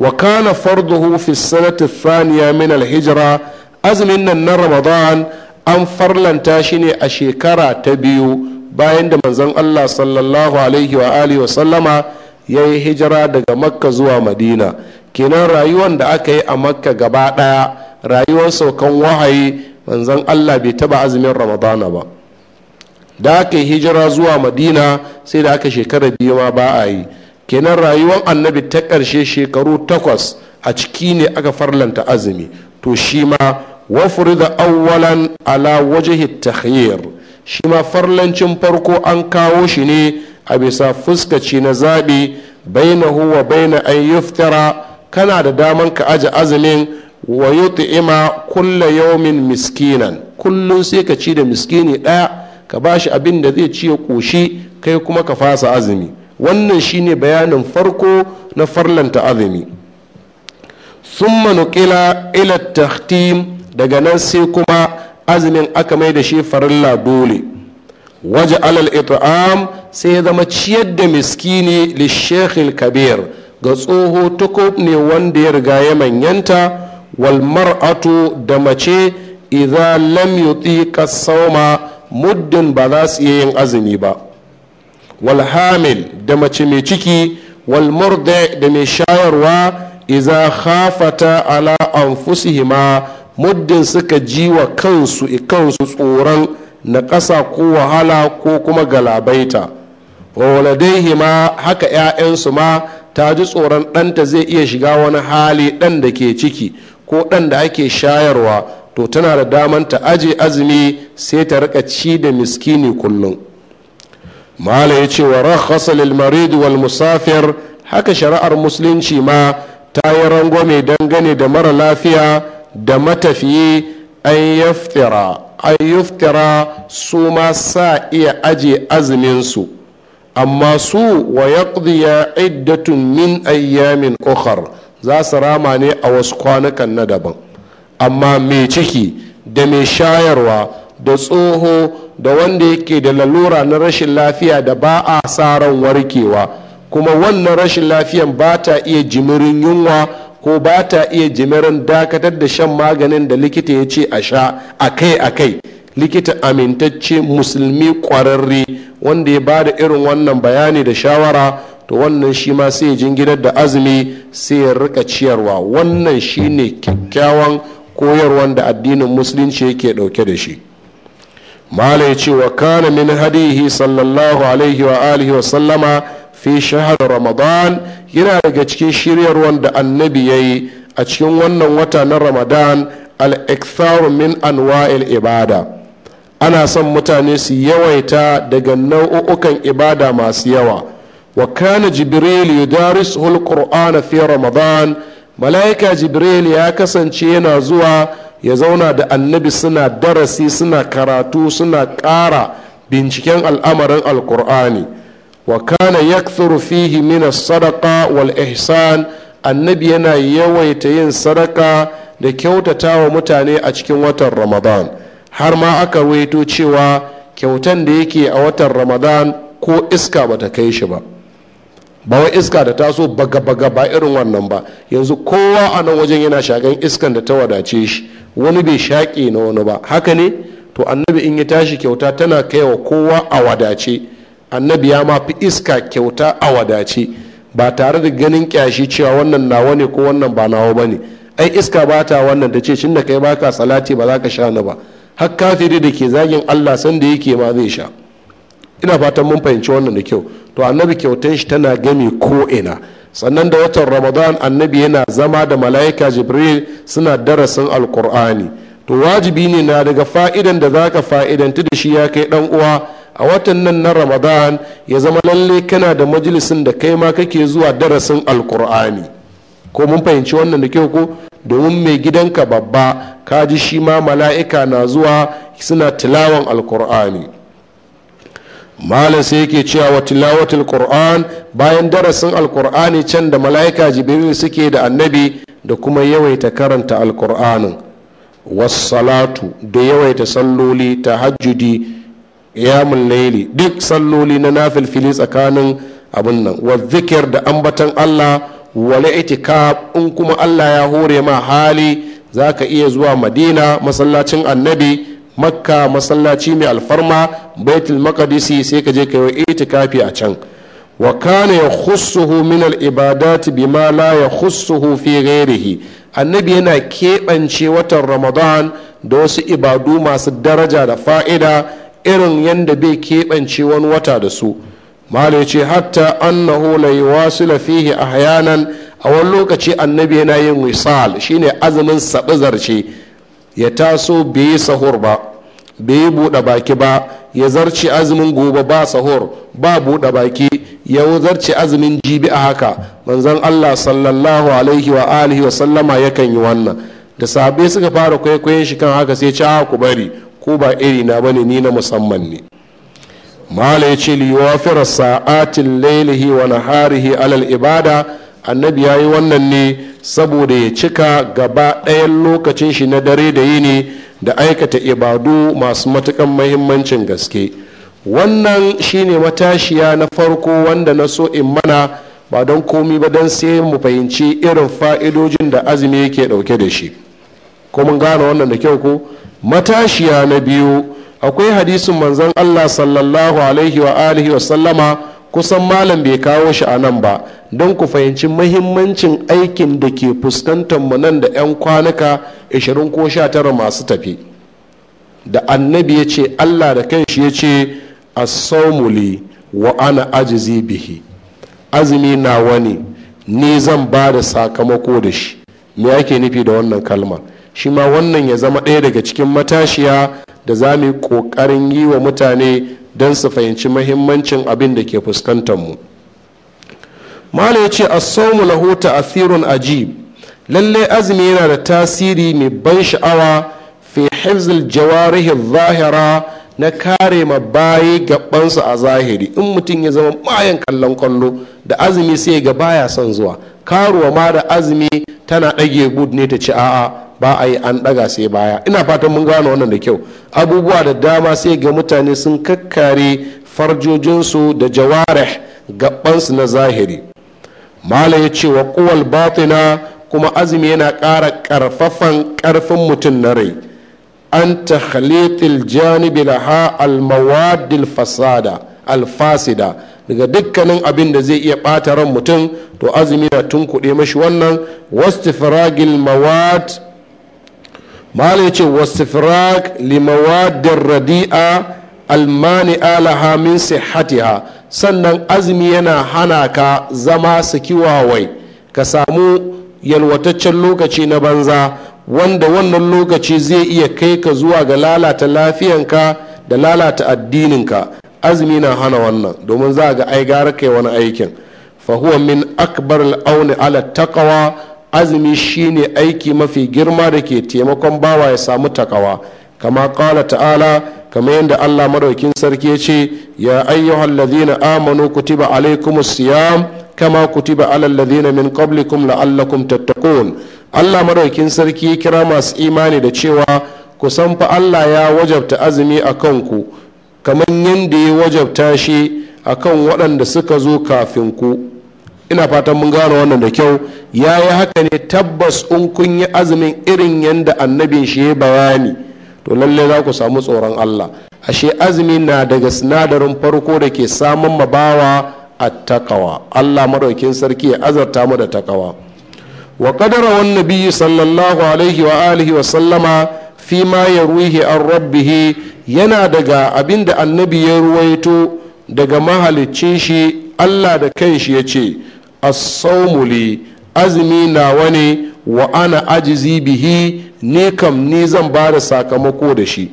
wa kana farduhu fi sanati thaniya min alhijra azumin nan na ramadan an farlanta shi ne a shekara ta biyu bayan da manzon Allah sallallahu alaihi wa alihi wa sallama ya hijira daga makka zuwa madina kenan rayuwar da aka yi a makka gaba ɗaya rayuwar saukan wahayi manzon Allah bai taba azumin ramadana ba da aka yi hijira zuwa madina sai da aka shekara biyu ma ba a yi kenan rayuwar annabi ta ƙarshe shekaru takwas a ciki ne aka farlanta azumi to shi ma wafuri da awwalan ala wajahi tahyir shi ma farlancin farko an kawo shi ne a bisa fuskaci na zaɓi baina huwa baina an yuftara kana da daman ka aji azumin wa yut'ima kulla yawmin miskinan kullum sai ka ci da miskini ɗaya ka ba shi abin da zai ci ya ƙoshi kai kuma ka fasa azumi wannan shine bayanin farko na farlanta azumi Sun manukila ila tahtim daga nan sai kuma azumin aka mai da shi farilla dole waje alal it'am sai ya zama ciyar da miskini lishekhil kabir ga tsoho ta ne wanda ya riga ya manyanta wal mar'atu da mace idan lam ka sauma. muddin ba za su iya yin azumi ba wal hamil da mace mai ciki wal murda da mai shayarwa iza khafata ala anfusihima muddin suka ji wa kansu kansu tsoron na ƙasa ko wahala ko kuma galabaita wa waladaihima haka 'ya'yansu ma ta ji tsoron ɗanta zai iya shiga wani hali ɗan da ke ciki ko ɗan da ake shayarwa to tana da daman ta aje azumi sai ta rika ci da miskini kullum mala ya ce wa rakhasa marid wal musafir haka shari'ar musulunci ma ta yi rangwame dangane da mara lafiya da matafiyi an yaftira an su ma sa iya aje azuminsu amma su wa yaqdiya iddatun min ayyamin ukhar za su rama ne a wasu kwanukan na daban amma mai ciki da mai shayarwa da tsoho da wanda yake da lalura na rashin lafiya da ba a sa warkewa kuma wannan rashin lafiyan ba ta iya jimirin yunwa ko ba ta iya jimirin dakatar da shan maganin da likita ya ce a sha akai-akai likita amintacce musulmi ƙwararre wanda ya ba da irin wannan bayani da shawara to wannan shi ma sai jingidar da azumi sai ya rika ciyarwa wannan shine kyakkyawan koyarwan da addinin musulunci yake ɗauke da shi malai ya ce wa kana min hadihi sallallahu alaihi wa alihi wa sallama fi shahar ramadan yana daga cikin shiryarwar da annabi ya yi a cikin wannan wata na ramadan al min anwa'il ibada ana son mutane su yawaita daga nau'ukan ibada masu yawa wa kana jibril yudarisu al-qur'ana fi ramadan mala'ika jibril ya kasance yana zuwa ya zauna da annabi suna darasi suna karatu suna ƙara binciken al'amarin alkur'ani wa kana ya fihi min sadaka wal ihsan annabi yana yawaita yin sadaka da kyautata wa mutane a cikin watan ramadan har ma aka waito cewa kyautan da yake a watan ramadan ko iska bata kai shi ba ba wai iska da taso baga baga ba irin wannan ba yanzu kowa a nan wajen yana shagan iskan da ta wadace shi wani bai shaƙe na wani ba haka ne to annabi in ya tashi kyauta tana kaiwa kowa a wadace annabi ya ma fi iska kyauta a wadace ba tare da ganin kyashi cewa wannan nawa ne ko wannan ba nawa ba ne ai iska ba ta wannan da ce cin da kai baka salati ba za ka sha ni ba har kafiri da ke zagin allah sanda yake ma zai sha ina fatan mun fahimci wannan da kyau to annabi kyautan shi tana gami ko ina sannan da watan ramadan annabi yana zama da mala'ika jibril suna darasin alkur'ani to wajibi ne na daga fa'idan da ka fa'idanti da shi ya kai dan uwa a watan nan na ramadan ya zama lalle kana da majalisin da kai ma kake zuwa darasin alkur'ani ko mun fahimci wannan da kyau ko domin mai gidanka babba ka ji shi ma mala'ika na zuwa suna tilawan alkur'ani malam sai yake cewa wa tilawatul qur'an bayan darasin alqur'ani can da malaika jibril suke da annabi da kuma yawaita karanta alqur'anin salatu da yawaita salloli tahajjudi qiyamul laili duk salloli na nafilfili tsakanin abin nan wa zikir da ambatan Allah wala itikaf in kuma Allah ya hore ma hali zaka iya zuwa Madina masallacin annabi makka masallaci mai alfarma baitul maqdisi sai ka je ka yi itikafi a can wa kana yakhussuhu min al ibadat bima la yakhussuhu fi ghairihi annabi yana keɓance watan ramadan da wasu ibadu masu daraja da fa'ida irin yanda bai keɓance wani wata da su malai ce hatta annahu la yuwasila fihi ahyanan a wani lokaci annabi yana yin wisal shine azumin sabizarce ya taso bai sahur ba bai buɗe baki ba ya zarce azumin gobe ba sahur ba buɗe baki ya zarce azumin jibi a haka manzon Allah sallallahu alaihi wa alihi wa sallama yakan yi wannan da sabe suka fara kwaikwayon shi kan haka sai cewa ah, ku bari ko ba iri na bane ni na musamman ne malai ya ce firar sa'atin lailihi wa naharihi alal ibada annabi yayi wannan ne saboda ya cika gaba ɗayan lokacin shi na dare da yini da aikata ibadu masu matukan mahimmancin gaske wannan shine matashiya na farko wanda na so in mana ba don komi ba don sai mu fahimci irin fa'idojin da azumi yake ɗauke da shi ko mun gane wannan da kyau ko matashiya na biyu akwai hadisin manzon allah sallallahu alaihi wa wa sallama kusan malam bai kawo shi a nan ba don ku fahimci mahimmancin aikin da ke fuskantar mu nan da 'yan kwanuka 20 ko 19 masu tafi da annabi ya ce allah da kanshi ya ce asaumuli wa ana ajizi bihi azumi wani ne ni zan ba da sakamako da shi me ake nufi da wannan kalma shi ma wannan ya zama ɗaya daga cikin matashiya da za mu yi ƙoƙarin yi wa mutane don su fahimci mahimmancin abin da ke fuskantarmu mala ya ce asawmu lahu ta'athirun ajib lalle azumi yana da tasiri mai ban sha'awa fi hifzil jawarihi zahira na kare ma bayi gabansu a zahiri in mutum ya zama mayan kallon kwallo da azumi sai ga baya son zuwa karuwa ma da azumi tana ɗage gud ne ta ci a'a ba a yi an ɗaga sai baya ina fatan mun gane wannan da kyau abubuwa da dama sai ga mutane sun kakkare farjojinsu da jaware gabansu na zahiri malam ya ce wa kowal batina kuma azumi yana ƙara karfafan karfin mutum na rai an ta halittar janibi almawadil fasada alfasida daga dukkanin abin da zai iya ɓata ran mutum to azumi na tun kuɗe mashi wannan wastifragil mawad mala ya ce wasifrak limawadin radi'a almani alaha min sihatiha sannan azumi yana hana ka zama sikiwawai ka samu yalwataccen lokaci na banza wanda wannan lokaci zai iya kai ka zuwa ga lalata lafiyanka da lalata addininka azumi na hana wannan domin za ga ai gara kai wani aikin fahuwa min akbar al'auni ala taqwa azumi shine aiki mafi girma da ke taimakon bawa ya samu takawa kama kala ta'ala kama yadda allah madaukin sarki ce ya ayyuhal ladhina amanu kutiba alaikumus siyam kama kutiba alal ladina min qablikum la'allakum tattaqun allah madaukin sarki kira masu imani da cewa ku san fa allah ya wajabta azumi a kanku kamar yadda ya wajabta shi akan waɗanda suka zo kafin ku ina fatan mun gano wannan da kyau ya yi haka ne tabbas in kun yi azumin irin yadda annabin shi ya bayani to lallai za ku samu tsoron allah ashe azumi na daga sinadarin farko da ke samun mabawa a takawa allah maɗaukin sarki ya azarta mu da takawa wa kadara wani biyu sallallahu alaihi wa alihi wa sallama fi ma ya ruhi an rabbihi yana daga abin da annabi ya ruwaito daga mahaliccin shi allah da kanshi ya ce asaumuli azumi na wani wa ana ajizi bihi ni kam ni zan ba da sakamako da shi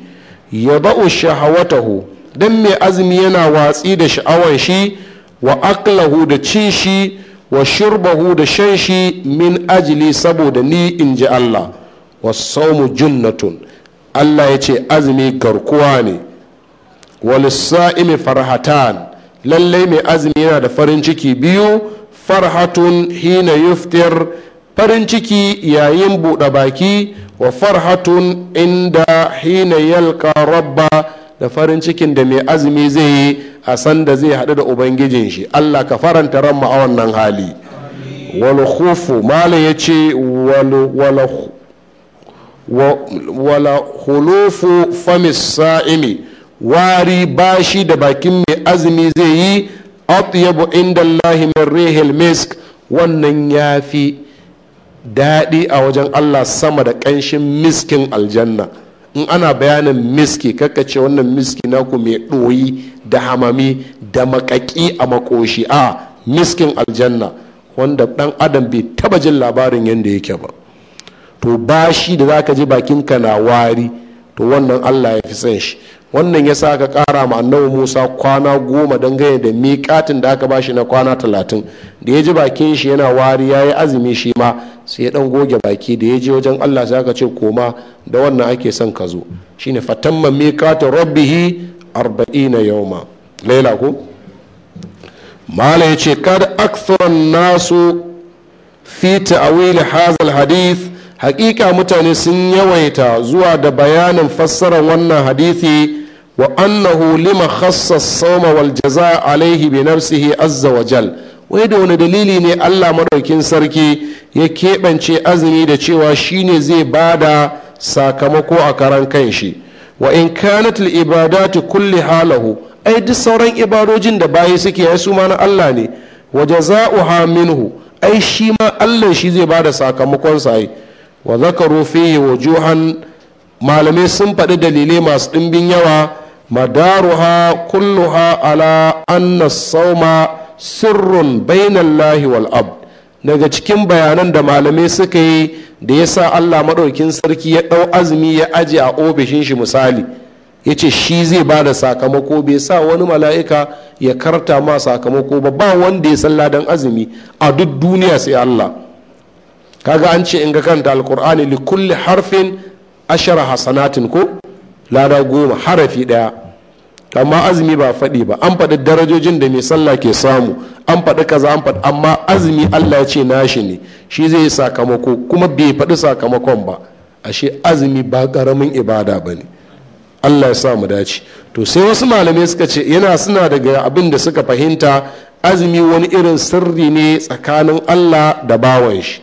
ya ba'u shahawatahu don mai azumi yana watsi da sha'awan shi wa aklahu da cin shi wa shurbahu da shan shi min ajili saboda ni in ji Allah wa saumu junnatun Allah ya ce azumi garkuwa ne mai farhatan lallai mai azumi yana da farin ciki biyu farhatun hina yuftir farin ciki yayin buɗe baki wa farhatun inda hina yalka rabba da farin cikin da mai azumi zai yi a sanda zai haɗu da ubangijin shi allah ka faranta ran a wannan hali walhufu Malam ya ce walhulufu famis sa'imi wari bashi da bakin mai azumi zai yi atyabu inda Allah min rihil misk wannan ya fi daɗi a wajen Allah sama da ƙanshin miskin aljanna in ana bayanin miski ce wannan miski naku mai ɗoyi da hamami da maƙaƙi a makoshi a miskin aljanna wanda ɗan adam bai taba jin labarin yadda yake ba to bashi da za ka ji bakinka na wari to wannan allah ya fi son shi wannan ya sa aka kara ma annabi musa kwana goma dangane da miƙatin da aka bashi na kwana talatin da ya ji bakin shi yana wari ya yi azumi shi ma sai ya dan goge baki da ya je wajen allah sai aka ce koma da wannan ake son ka zo shine fatamma miƙatin rabbihi arba'ina yauma laila ko mala ya ce kad aktharan nasu fi ta'wil hadha hadith hakika mutane sun yawaita zuwa da bayanin fassarar wannan hadithi wa annahu lima khassa sawma wal jaza alaihi bi nafsihi azza wa jal wai da wani dalili ne Allah madaukin sarki ya keɓance azumi da cewa shine zai bada sakamako a karan kan shi wa in kanat al ibadatu kulli halahu ai duk sauran ibadojin da bayi suke ya su ma na Allah ne wa jaza'uha minhu ai shi ma Allah shi zai bada sakamakon sa ai wa zakaru fihi wujuhan malamai sun faɗi dalilai masu ɗimbin yawa madaruha kulluha ala anna sauma sirrun bainallahi wal ab daga cikin bayanan da malamai suka yi da ya sa allah maɗaukin sarki ya ɗau azumi ya aje a ofishin shi misali ya ce shi zai ba da sakamako bai sa wani mala'ika ya karta ma sakamako ba ba wanda ya san ladan azumi a duk duniya sai allah kaga an ce in ga kanta alkur'ani li kulli harfin ashara hasanatin ko lada goma harafi daya amma azumi ba faɗi ba an faɗi darajojin da mai sallah ke samu an faɗi kaza an faɗi amma azumi allah ce nashi ne shi zai yi sakamako kuma bai faɗi sakamakon ba ashe azumi ba ƙaramin ibada ba ne allah ya sa dace to sai wasu malamai suka ce yana suna daga abin da suka fahimta azumi wani irin sirri ne tsakanin allah da bawan shi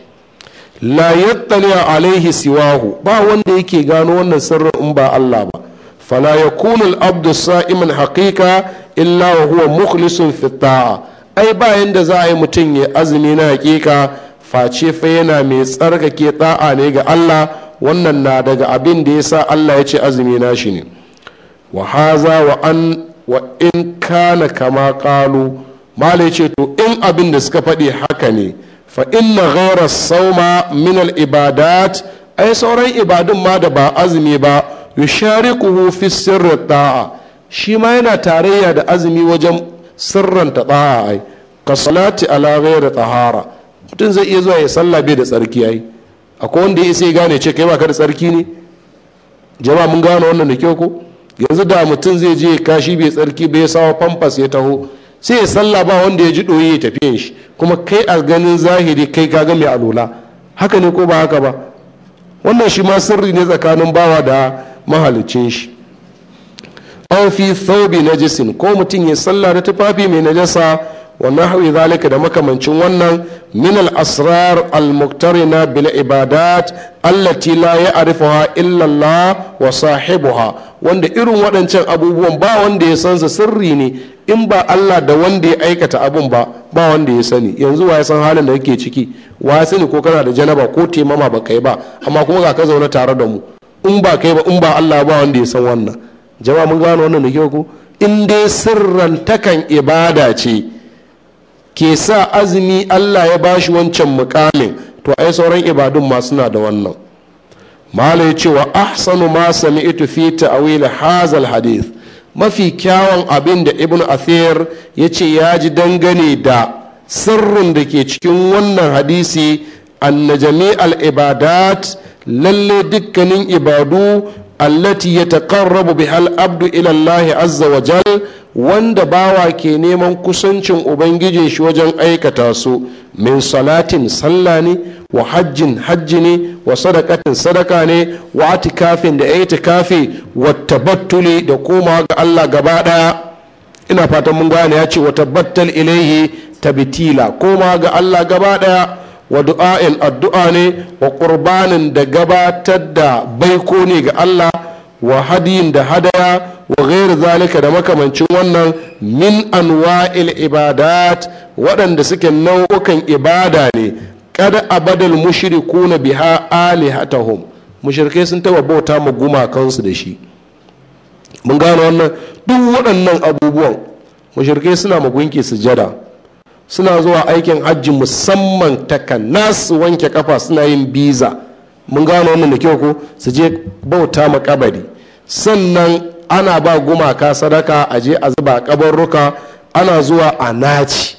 la yattali alaihi siwahu ba wanda yake gano wannan sirrin in ba Allah ba fala yakunu al-abdu sa'iman haqiqa illa wa huwa mukhlisun fi ta'a ai ba yanda za a yi mutum ya azumi na haƙiƙa face fa yana mai tsarkake ta'a ne ga Allah wannan na daga abin da yasa Allah ya ce azumi na shi ne wa haza wa an wa in kana kama qalu ya ce to in abin da suka faɗi haka ne fa inna ghayra sauma min al ibadat ai sauran ibadun ma da ba azumi ba yushariquhu fi sirri ta'a shi ma yana tarayya da azumi wajen ta ta'a ai ka salati ala da tahara mutum zai iya zuwa ya sallah bai da tsarki ai akwai wanda ya sai gane ce kai ba da tsarki ne jama'a mun gane wannan da kyau ko yanzu da mutum zai je kashi bai tsarki bai sawa famfas ya taho sai ya sallah ba wanda ya ji ɗoyi ya tafiyan shi kuma kai a ganin zahiri kai ka ga mai alola haka ne ko ba haka ba wannan shi ma sirri ne tsakanin bawa da mahalicin shi an fi na jisin ko mutum ya sallah da tufafi mai najasa Wannan hau zalika da makamancin wannan min al asrar al muqtarina bil ibadat allati la ya'rifuha illa Allah wa sahibuha wanda irin waɗancan abubuwan ba wanda ya sansa sirri ne in ba Allah da wanda ya aikata abun ba ba wanda ya sani yanzu wa ya san halin da kake ciki wa ya sani ko kana da janaba ko taimama ba kai ba amma kuma ga ka zaune tare da mu in ba kai ba in ba Allah ba wanda ya san wannan jama'a mun gano wannan da kyau ko in dai sirran takan ibada ce ke sa azumi Allah ya bashi wancan mukamin to ai sauran ibadun ma suna da wannan mala ya ce wa ahsanu ma sami'tu fi ta'wil hazal hadith mafi kyawun abin da ibn athir ya ce ya ji dangane da sirrin da ke cikin wannan hadisi anna jami'al ibadat lalle dukkanin ibadu allati ya taƙarrabu bi hal abdu ilallahi azza wa wanda bawa ke neman kusancin ubangijin shi wajen aikata su min salatin sallah ne wa hajjin hajji ne wa sadakatin sadaka ne wa atikafin da itikafi wa tabattuli da komawa ga Allah gaba daya ina fatan mun gane ya ce wa tabattal ilaihi tabtila komawa ga Allah gaba daya wa du'a'in addu'a ne wa qurbanin da gabatar da baiko ne ga Allah wa hadiyin da hadaya wa ghairi zalika da makamancin wannan min anwa'il ibadat waɗanda suke nau'ukan ibada ne kada abadal Ali biha alihatahum mushrikai sun taba bauta ma gumakansu da shi mun gano wannan duk waɗannan abubuwan mushrikai suna magunki sujada suna zuwa aikin hajji musamman nasu wanke kafa suna yin biza mun gano wannan da kyau ko su je bauta ma kabari sannan ana ba gumaka sadaka a je a zuba kabarruka ana zuwa a naci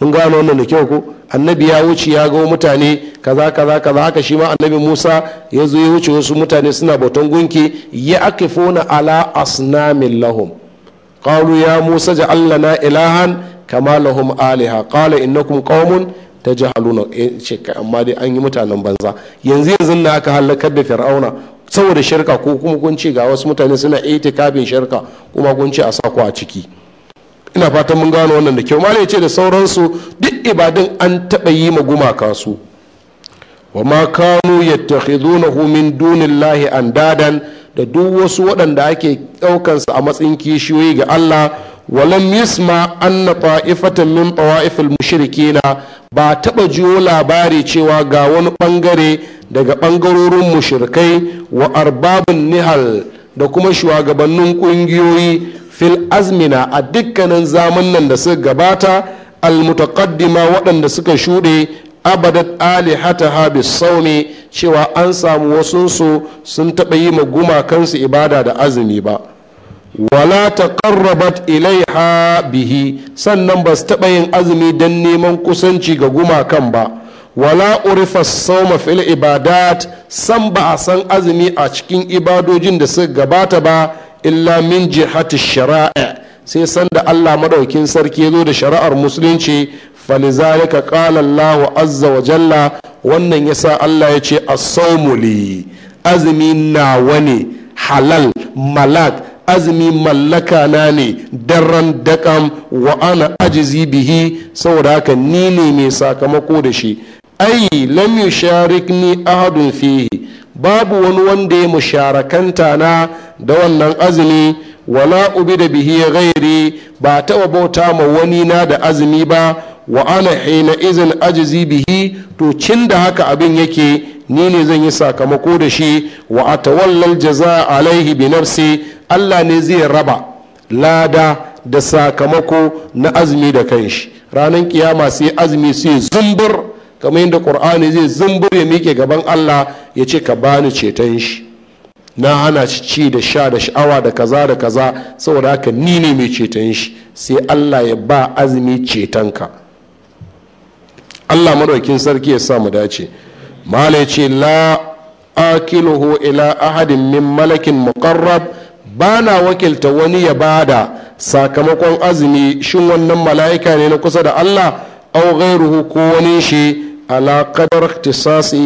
mun gano wannan da kyau ko annabi ya wuce ya ga mutane kaza kaza kaza haka shi ma annabi Musa ya zo ya wuce wasu mutane suna bautan gunki ya akifuna ala asnamin lahum qalu ya Musa ja'al ilahan kama lahum aliha qala innakum qaumun tajhaluna eh, amma dai an yi mutanen banza yanzu yanzu na aka halakar da fir'auna saboda shirka ko kuma gunci ga wasu mutane suna kabin shirka kuma kunci a sako a ciki ina fatan mun gano wannan da kyau ma ce da sauransu duk ibadun an taɓa yi ma gumaka su wa ma kanu yattakhidunahu min dunillahi andadan da duk wasu waɗanda ake ɗaukansa a matsayin kishiyoyi ga Allah walam yusma anna ta'ifatan min ta'ifil mushrikina ba taba jiyo labari cewa ga wani bangare daga bangarorin mushrikai wa arbabun nihal da kuma shugabannin kungiyoyi fil azmina a dukkanin zamanin da suka gabata almutaqaddima waɗanda suka shuɗe abadat habis bisawmi cewa an samu wasunsu sun taɓa yi ma gumakansu ibada da azumi ba wala ta taqarrabat ilaiha bihi sannan ba su taɓa yin azumi don neman kusanci ga gumakan ba wala urifa sauma fil ibadat san ba a san azumi a cikin ibadojin da suka gabata ba illa min jihati shari'a sai sanda Allah maɗaukin sarki zo da shari'ar musulunci falizalika qala Allah azza wa jalla wannan yasa Allah ya ce as-sawmu li azmi nawa ne halal malak azumi mallaka na ne daren daƙam wa ana ajizi bihi saboda haka ni ne mai sakamako da shi ai lam ni ahadun fihi babu wani wanda ya musharakanta na da wannan azumi wala ubi da bihi gairi ba taɓa bauta ma wani na da azumi ba wa ana hina izin ajizi bihi to cin da haka abin yake ni ne zan yi sakamako da shi wa a tawallar jaza alaihi bi nafsi allah ne zai raba lada da sakamako na azumi da kanshi ranar kiyama sai azumi sai zumbur kamar yadda ƙur'ani zai zumbur ya miƙe gaban allah ya ce ka bani ceton shi na hana ci da sha da sha'awa da kaza da kaza saboda haka ni ne mai ceton shi sai allah ya ba azumi ceton ka. allah madaukin sarki ya sa mu dace mala ya ce la akiluhu ila ahadin min malakin muqarrab ba na wakilta wani ya ba da sakamakon azumi shin wannan mala'ika ne na kusa da Allah Aure ghairuhu ko wani shi alaƙadar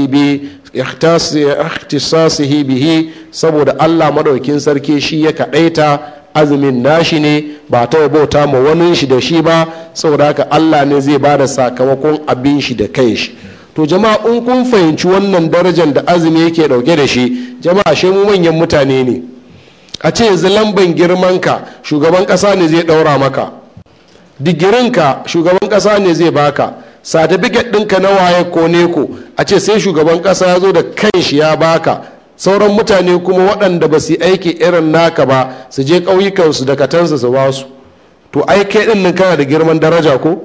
bi ikhtisasihi bihi saboda Allah maɗaukin sarki shi ya kaɗaita azumin nashi ne ba ta bauta ma wani shi da shi ba saboda haka Allah ne zai ba da sakamakon abin shi da kai shi to jama'a in kun fahimci wannan darajar da azumi yake dauke da shi jama'a shi mu manyan mutane ne a ce yanzu lamban girmanka shugaban kasa ne zai daura maka digirinka shugaban kasa ne zai baka satifiket ɗinka na waye ko ne ko a ce sai shugaban kasa ya zo da kanshi ya baka sauran mutane kuma waɗanda ba su aiki irin naka ba su je ƙauyukansu da katansu su basu to ai kai ɗin nan kana da girman daraja ko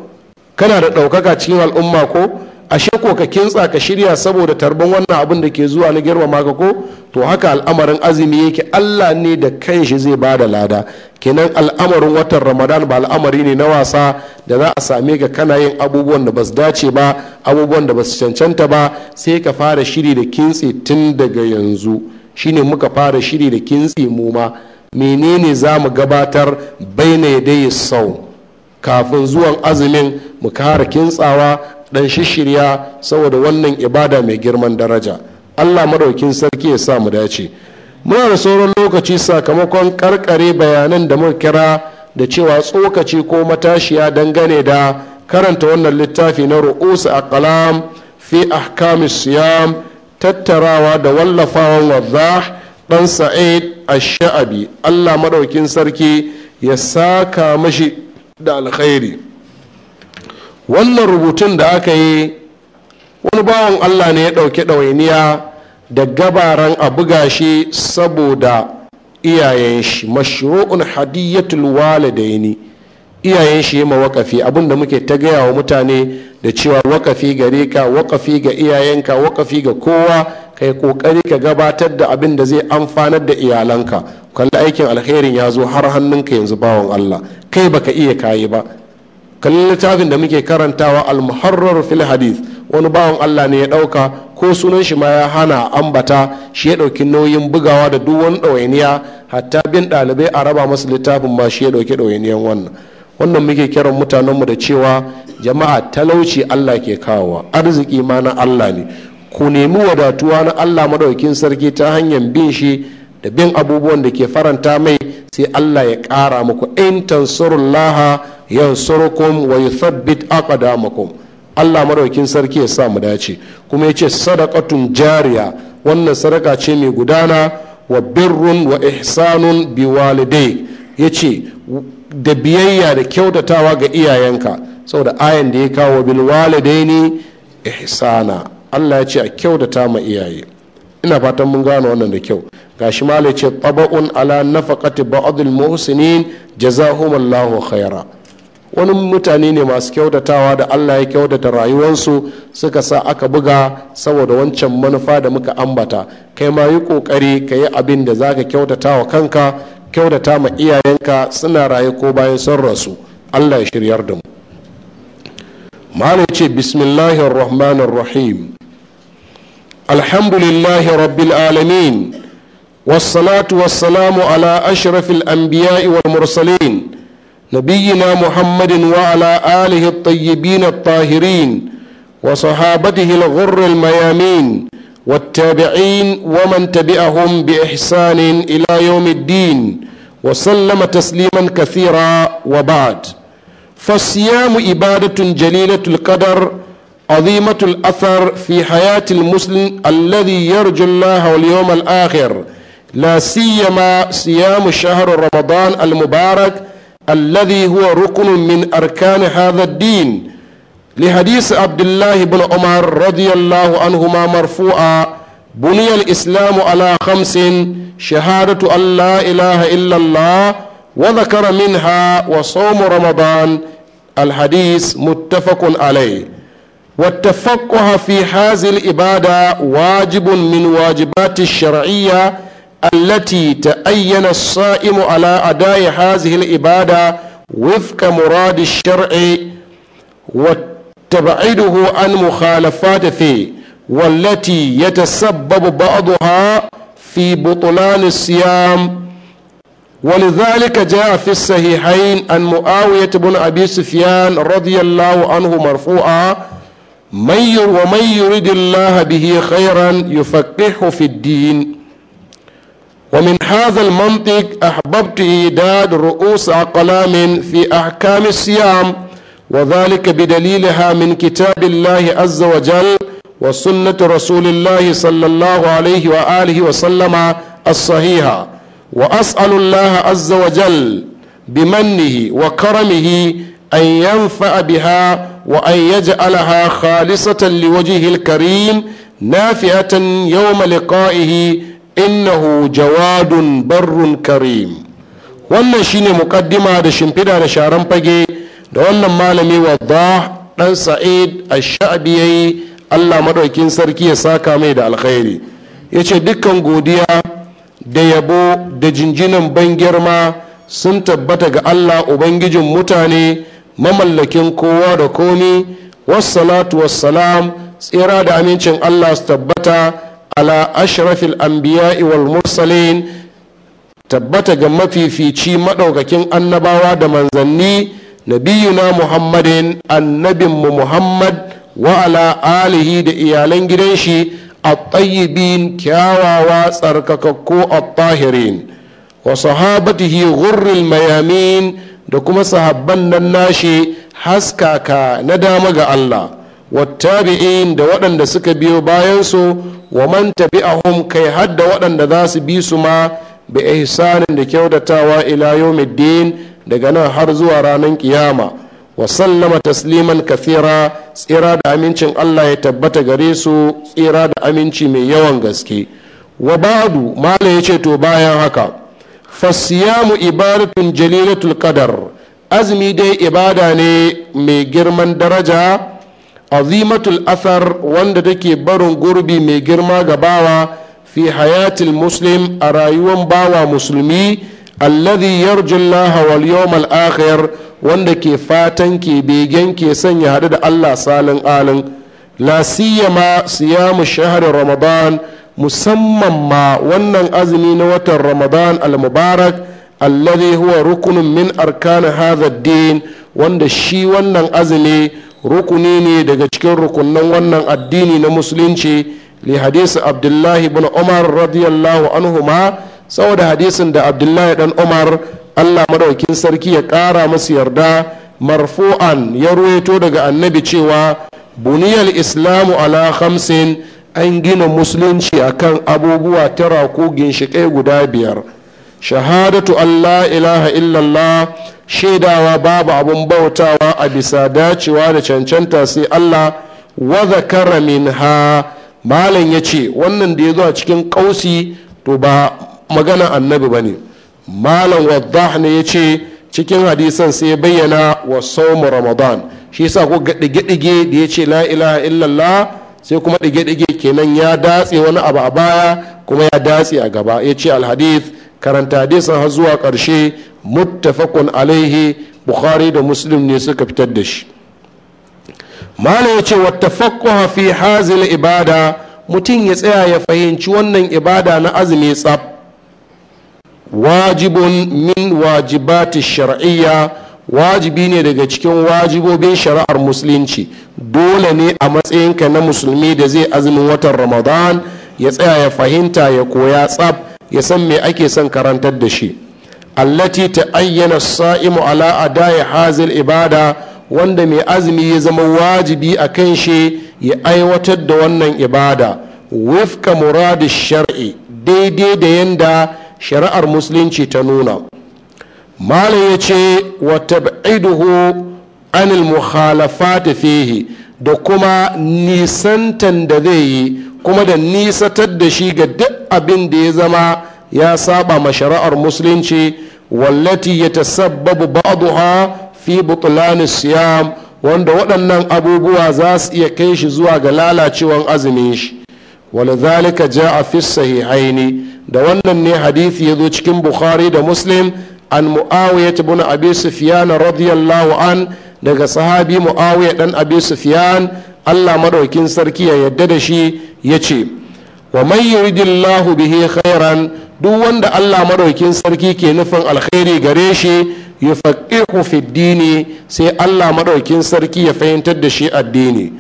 kana da ɗaukaka cikin al'umma ko ashe ko ka kintsa ka shirya saboda tarban wannan abin da ke zuwa na girmama ka ko to haka al'amarin azumi yake Allah ne da kanshi zai ba da lada kenan al'amarin watan ramadan ba al'amari ne na wasa da za a same ka kana yin abubuwan da basu dace ba abubuwan da basu cancanta ba sai ka fara shiri da kintsi tun daga yanzu shine muka fara shiri da kintsi mu ma menene za mu gabatar baina yadayi sau kafin zuwan azumin mu kara kintsawa dan shishirya saboda wannan ibada mai girman daraja allah Maɗaukin sarki ya sa mu dace muna da sauran lokaci sakamakon karkare bayanan da muka kira da cewa tsokaci ko matashiya dangane da karanta wannan littafi na ru'usu aqlam fi ahkami siyam tattarawa da wallafawan wadda dan sa'id ash-sha'abi allah Maɗaukin sarki ya saka mashi da alkhairi wannan rubutun da aka yi wani bawan allah ne ya ɗauki ɗawainiya da gabaran a buga shi saboda iyayen shi mashru'un hadiyatul walidaini iyayen shi ma wakafi abinda muke ta gaya wa mutane da cewa wakafi gare ka wakafi ga iyayenka wakafi ga kowa ka yi kokari ka gabatar da abin da zai amfanar da iyalanka kalli aikin alherin ya zo har hannunka yanzu bawan allah kai baka iya kayi ba kalli littafin da muke karantawa al-muharrar fil hadith wani bawan Allah ne ya ɗauka ko sunan shi ma ya hana ambata shi ya ɗauki nauyin bugawa da duk wani ɗawainiya hatta bin ɗalibai a raba masu littafin ma shi ya ɗauki ɗawainiyan wannan wannan muke kiran mutanenmu da cewa jama'a talauci Allah ke kawowa arziki ma na Allah ne ku nemi wadatuwa na Allah madaukin sarki ta hanyar bin shi da bin abubuwan da ke faranta mai sai Allah ya ƙara muku in tansurullaha yansurukum wa yuthabbit aqdamakum Allah madaukin sarki ya sa mu dace kuma yace sadaqatun jariya wannan sadaka ce mai gudana wa birrun wa ihsanun biwalidai yace da biyayya da kyautatawa ga iyayenka saboda ayan da ya kawo bil walidaini ihsana Allah ya ce a kyautata ma iyaye ina fatan mun gano wannan da kyau gashi ma ce taba'un ala nafaqati ba'dil muhsinin jazahumullahu khaira wani mutane ne masu kyautatawa da allah ya kyautata rayuwarsu suka sa aka buga saboda wancan manufa da muka ambata kai ma yi kokari ka yi abin da za ka kyautata wa kanka kyautata ma iyayenka suna raye ko bayan son rasu allah ya shiryar da mu malam ce bismillahir rahmanir rahim alhamdulillahi rabbil alamin والصلاة والسلام على أشرف الأنبياء والمرسلين نبينا محمد وعلى آله الطيبين الطاهرين وصحابته الغر الميامين والتابعين ومن تبعهم بإحسان إلى يوم الدين وسلم تسليما كثيرا وبعد فالصيام عبادة جليلة القدر عظيمة الأثر في حياة المسلم الذي يرجو الله واليوم الآخر لا سيما صيام شهر رمضان المبارك الذي هو ركن من أركان هذا الدين لحديث عبد الله بن عمر رضي الله عنهما مرفوعا بني الإسلام على خمس شهادة أن لا إله إلا الله وذكر منها وصوم رمضان الحديث متفق عليه والتفقه في هذه الإبادة واجب من واجبات الشرعية التي تأين الصائم على أداء هذه العبادة وفق مراد الشرع وتبعده عن مخالفاته والتي يتسبب بعضها في بطلان الصيام ولذلك جاء في الصحيحين عن معاوية بن أبي سفيان رضي الله عنه مرفوعا من ومن يرد الله به خيرا يفقهه في الدين ومن هذا المنطق أحببت إيداد رؤوس أقلام في أحكام الصيام وذلك بدليلها من كتاب الله عز وجل وسنة رسول الله صلى الله عليه وآله وسلم الصحيحة وأسأل الله عز وجل بمنه وكرمه أن ينفع بها وأن يجعلها خالصة لوجهه الكريم نافعة يوم لقائه innahu jawadun barrun karim wannan shine mukaddima da shimfida da sharan fage da wannan malami wadda ɗan sa'id ash-sha'bi yayi Allah maɗaukin sarki ya saka mai da alkhairi ya ce dukkan godiya da yabo da jinjinan ban girma sun tabbata ga Allah ubangijin mutane mamallakin kowa da komi wassalatu wassalam tsira da amincin Allah su tabbata ala ashrafil anbiya'i wal mursalin tabbata ga mafifici maɗaukakin annabawa da manzanni nabiyuna muhammadin mu muhammad wa ala alihi da iyalan gidan shi kyawawa ko الطيبين كاواوا تركككو الطاهرين وصحابته غر الميامين دكما haskaka na حسكاكا ga Allah. wattabi'in da waɗanda suka biyo bayansu wa man tabi'ahum kai hadda waɗanda za su bi su ma bi ihsanin da kyautatawa ila yawmiddin daga nan har zuwa ranar kiyama wa sallama tasliman kathira tsira da amincin Allah ya tabbata gare su tsira da aminci mai yawan gaske wa ba'du mala yace to bayan haka fasiyamu ibadatun jalilatul qadar azumi dai ibada ne mai girman daraja azimatul athar wanda take barin gurbi mai girma ga bawa fi hayatil muslim a rayuwar bawa musulmi alladhi yarju Allah wal yawmal akhir wanda ke fatan ke begen ke sanya hadu da Allah salin alin la siyama siyamu shahar ramadan musamman ma wannan azumi na watan ramadan al-mubarak alladhi huwa rukunin min arkan hadha din wanda shi wannan azumi rukuni ne daga cikin rukunan wannan addini na musulunci li hadisi abdullahi bin umar radiyallahu anhuma saboda hadisin da abdullahi dan umar allah madaukin sarki ya kara masu yarda marfu'an ya ruweto daga annabi cewa buniyal islamu ala khamsin an gina musulunci akan abubuwa tara ko ginshiƙai guda biyar shahadatu Allah ilaha illallah shaidawa babu abun bautawa a bisa dacewa da cancanta sai Allah wa zakara minha malam ya ce wannan da ya zo a cikin kausi to ba magana annabi ba ne malam waddah ne ya ce cikin hadisan sai bayyana wa saumu ramadan shi yasa ko gaɗige-ɗige da ya ce la illallah sai kuma ɗige-ɗige kenan ya datse wani abu a baya kuma ya datse a gaba ya ce alhadith karanta hadisin har zuwa ƙarshe muttafaqun alaihi bukhari da muslim ne suka fitar da shi malam ya ce wattafaqquha fi hazil ibada mutum ya tsaya ya fahimci wannan ibada na azumi tsab wajibun min wajibati shar'iyya wajibi ne daga cikin wajibobin shari'ar musulunci dole ne a matsayinka na musulmi da zai azumin watan ramadan ya tsaya ya fahimta ya koya tsab ya san me ake son karantar da shi allati ta ayyana sa'imu ala adai hazil ibada wanda mai azumi ya zama wajibi a kan shi ya aiwatar da wannan ibada wifka muradi shar'i daidai da yanda shari'ar musulunci ta nuna malam ya ce wa tab'iduhu anil mukhalafati fihi da kuma nisantan da zai yi kuma da nisatar da shi ga duk abin da ya zama ya saba ma shari'ar musulunci wallati ya ta sababu ba'daha fi butulani siyam wanda waɗannan abubuwa za su iya kai shi zuwa ga lalacewan azumin shi walidhalika a fi sahihaini da wannan ne hadithi ya zo cikin bukhari da muslim an abin su abi sufyan radiyallahu an daga sahabi mu'awiyah dan abi sufyan Allah madaukin sarki ya yadda da shi ya ce wa man yuridillahu bihi khairan duk wanda Allah maɗaukin sarki ke nufin alkhairi gare shi yufaqihu fi dini sai Allah madaukin sarki ya fahimtar da shi addini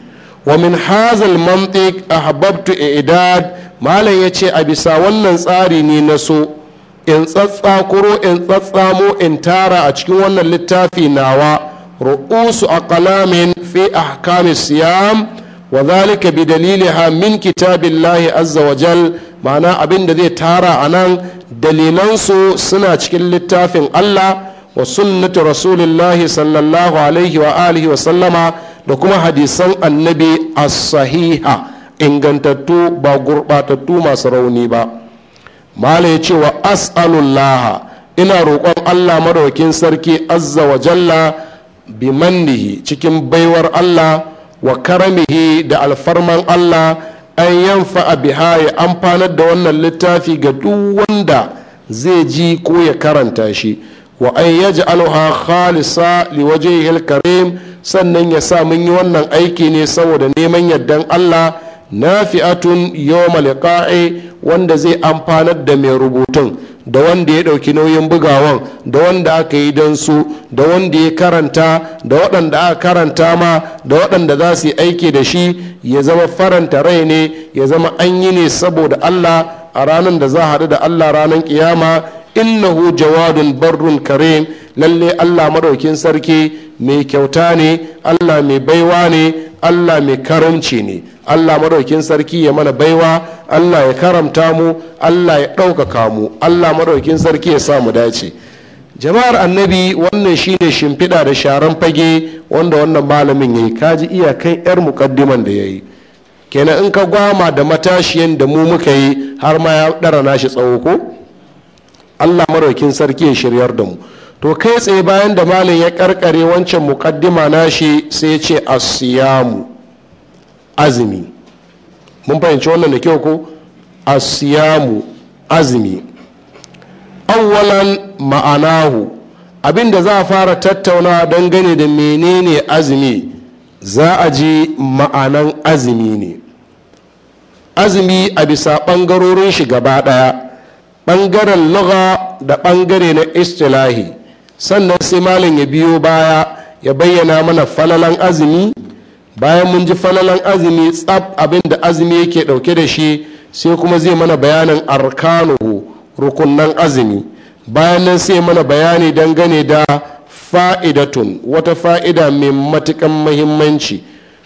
wa min hazal mantiq ahbabtu i'dad malam yace a bisa wannan tsari ne na so in tsatsakuro in tsatsamo in tara a cikin wannan littafi nawa ru'usu kalamin fi ahkamis siyam wa zalika bi daliliha min kitabillahi azza wa jal ma'ana abin da zai tara anan dalilansu suna cikin littafin Allah wa sunnatu rasulillahi sallallahu alaihi wa alihi wa sallama da kuma hadisan annabi as-sahiha ingantattu ba gurbatattu masu rauni ba mala ya ce wa as'alullaha ina roƙon allah madaukin sarki azza wa jalla bi mannihi cikin baiwar allah wa karamihi da alfarman Allah an yanfa biha ya amfanar da wannan littafi ga duk wanda zai ji ko ya karanta shi wa an yaji aluha khalisa liwajihil karim sannan ya sa mun yi wannan aiki ne saboda neman yardan Allah nafi'atun fi'atun yau wanda zai amfanar da mai rubutun da wanda ya ɗauki nauyin bugawan da wanda aka yi don su da wanda ya karanta da waɗanda aka karanta ma da waɗanda za su yi aiki da shi ya zama faranta rai ne ya zama an yi ne saboda allah a ranar da za haɗu da allah ranar ƙiyama innahu jawadun barrun karim lalle allah maɗaukin sarki mai kyauta ne allah mai baiwa ne Allah mai karamci ne Allah madaukin sarki ya mana baiwa Allah ya karamta mu Allah ya ɗaukaka mu Allah madaukin sarki ya sa mu dace jama'ar annabi wannan shine shimfiɗa da sharan fage wanda wannan malamin ya yi kaji iyakan 'yar mukaddiman da ya yi kenan in ka gwama da matashiyan da mu muka yi har ma ya ɗara nashi tsawo ko allah madaukin sarki ya shiryar da mu to kai tsaye bayan da malam ya karkare wancan mukaddima nashi sai ce asiyamu azumi mun fahimci wannan da kyau ko asiyamu azumi awwalan ma'anahu abin da za a fara tattauna don gane da menene azumi za a ji ma'anan azumi ne azumi a bisa ɓangarorin shi gaba ɗaya ɓangaren lugha da ɓangare na istilahi sannan sai malam ya biyo baya ya bayyana mana falalan azumi bayan mun ji falalan azumi tsab abin da azumi yake dauke da shi sai kuma zai mana bayanin arkanuhu rukunnan azumi bayan nan sai mana bayani dangane da fa'idatun wata fa'ida mai matukan mahimmanci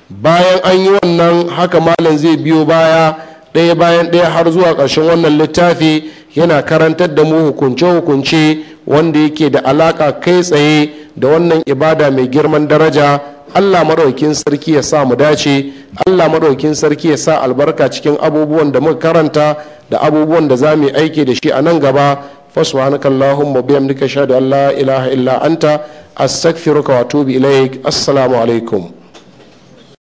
bayan an yi wannan haka malam zai biyo baya ɗaya bayan ɗaya har zuwa ƙarshen wannan littafi yana karantar da mu hukunce-hukunce wanda yake da alaka kai tsaye da wannan ibada mai girman daraja allah maɗaukin sarki ya sa mu dace allah maɗaukin sarki ya sa albarka cikin abubuwan da muka karanta da abubuwan da za mu aiki da shi a nan gaba fasuwanaka allahumma biyamdika shahadu an la ilaha illa anta astaghfiruka wa atubu ilaik assalamu alaikum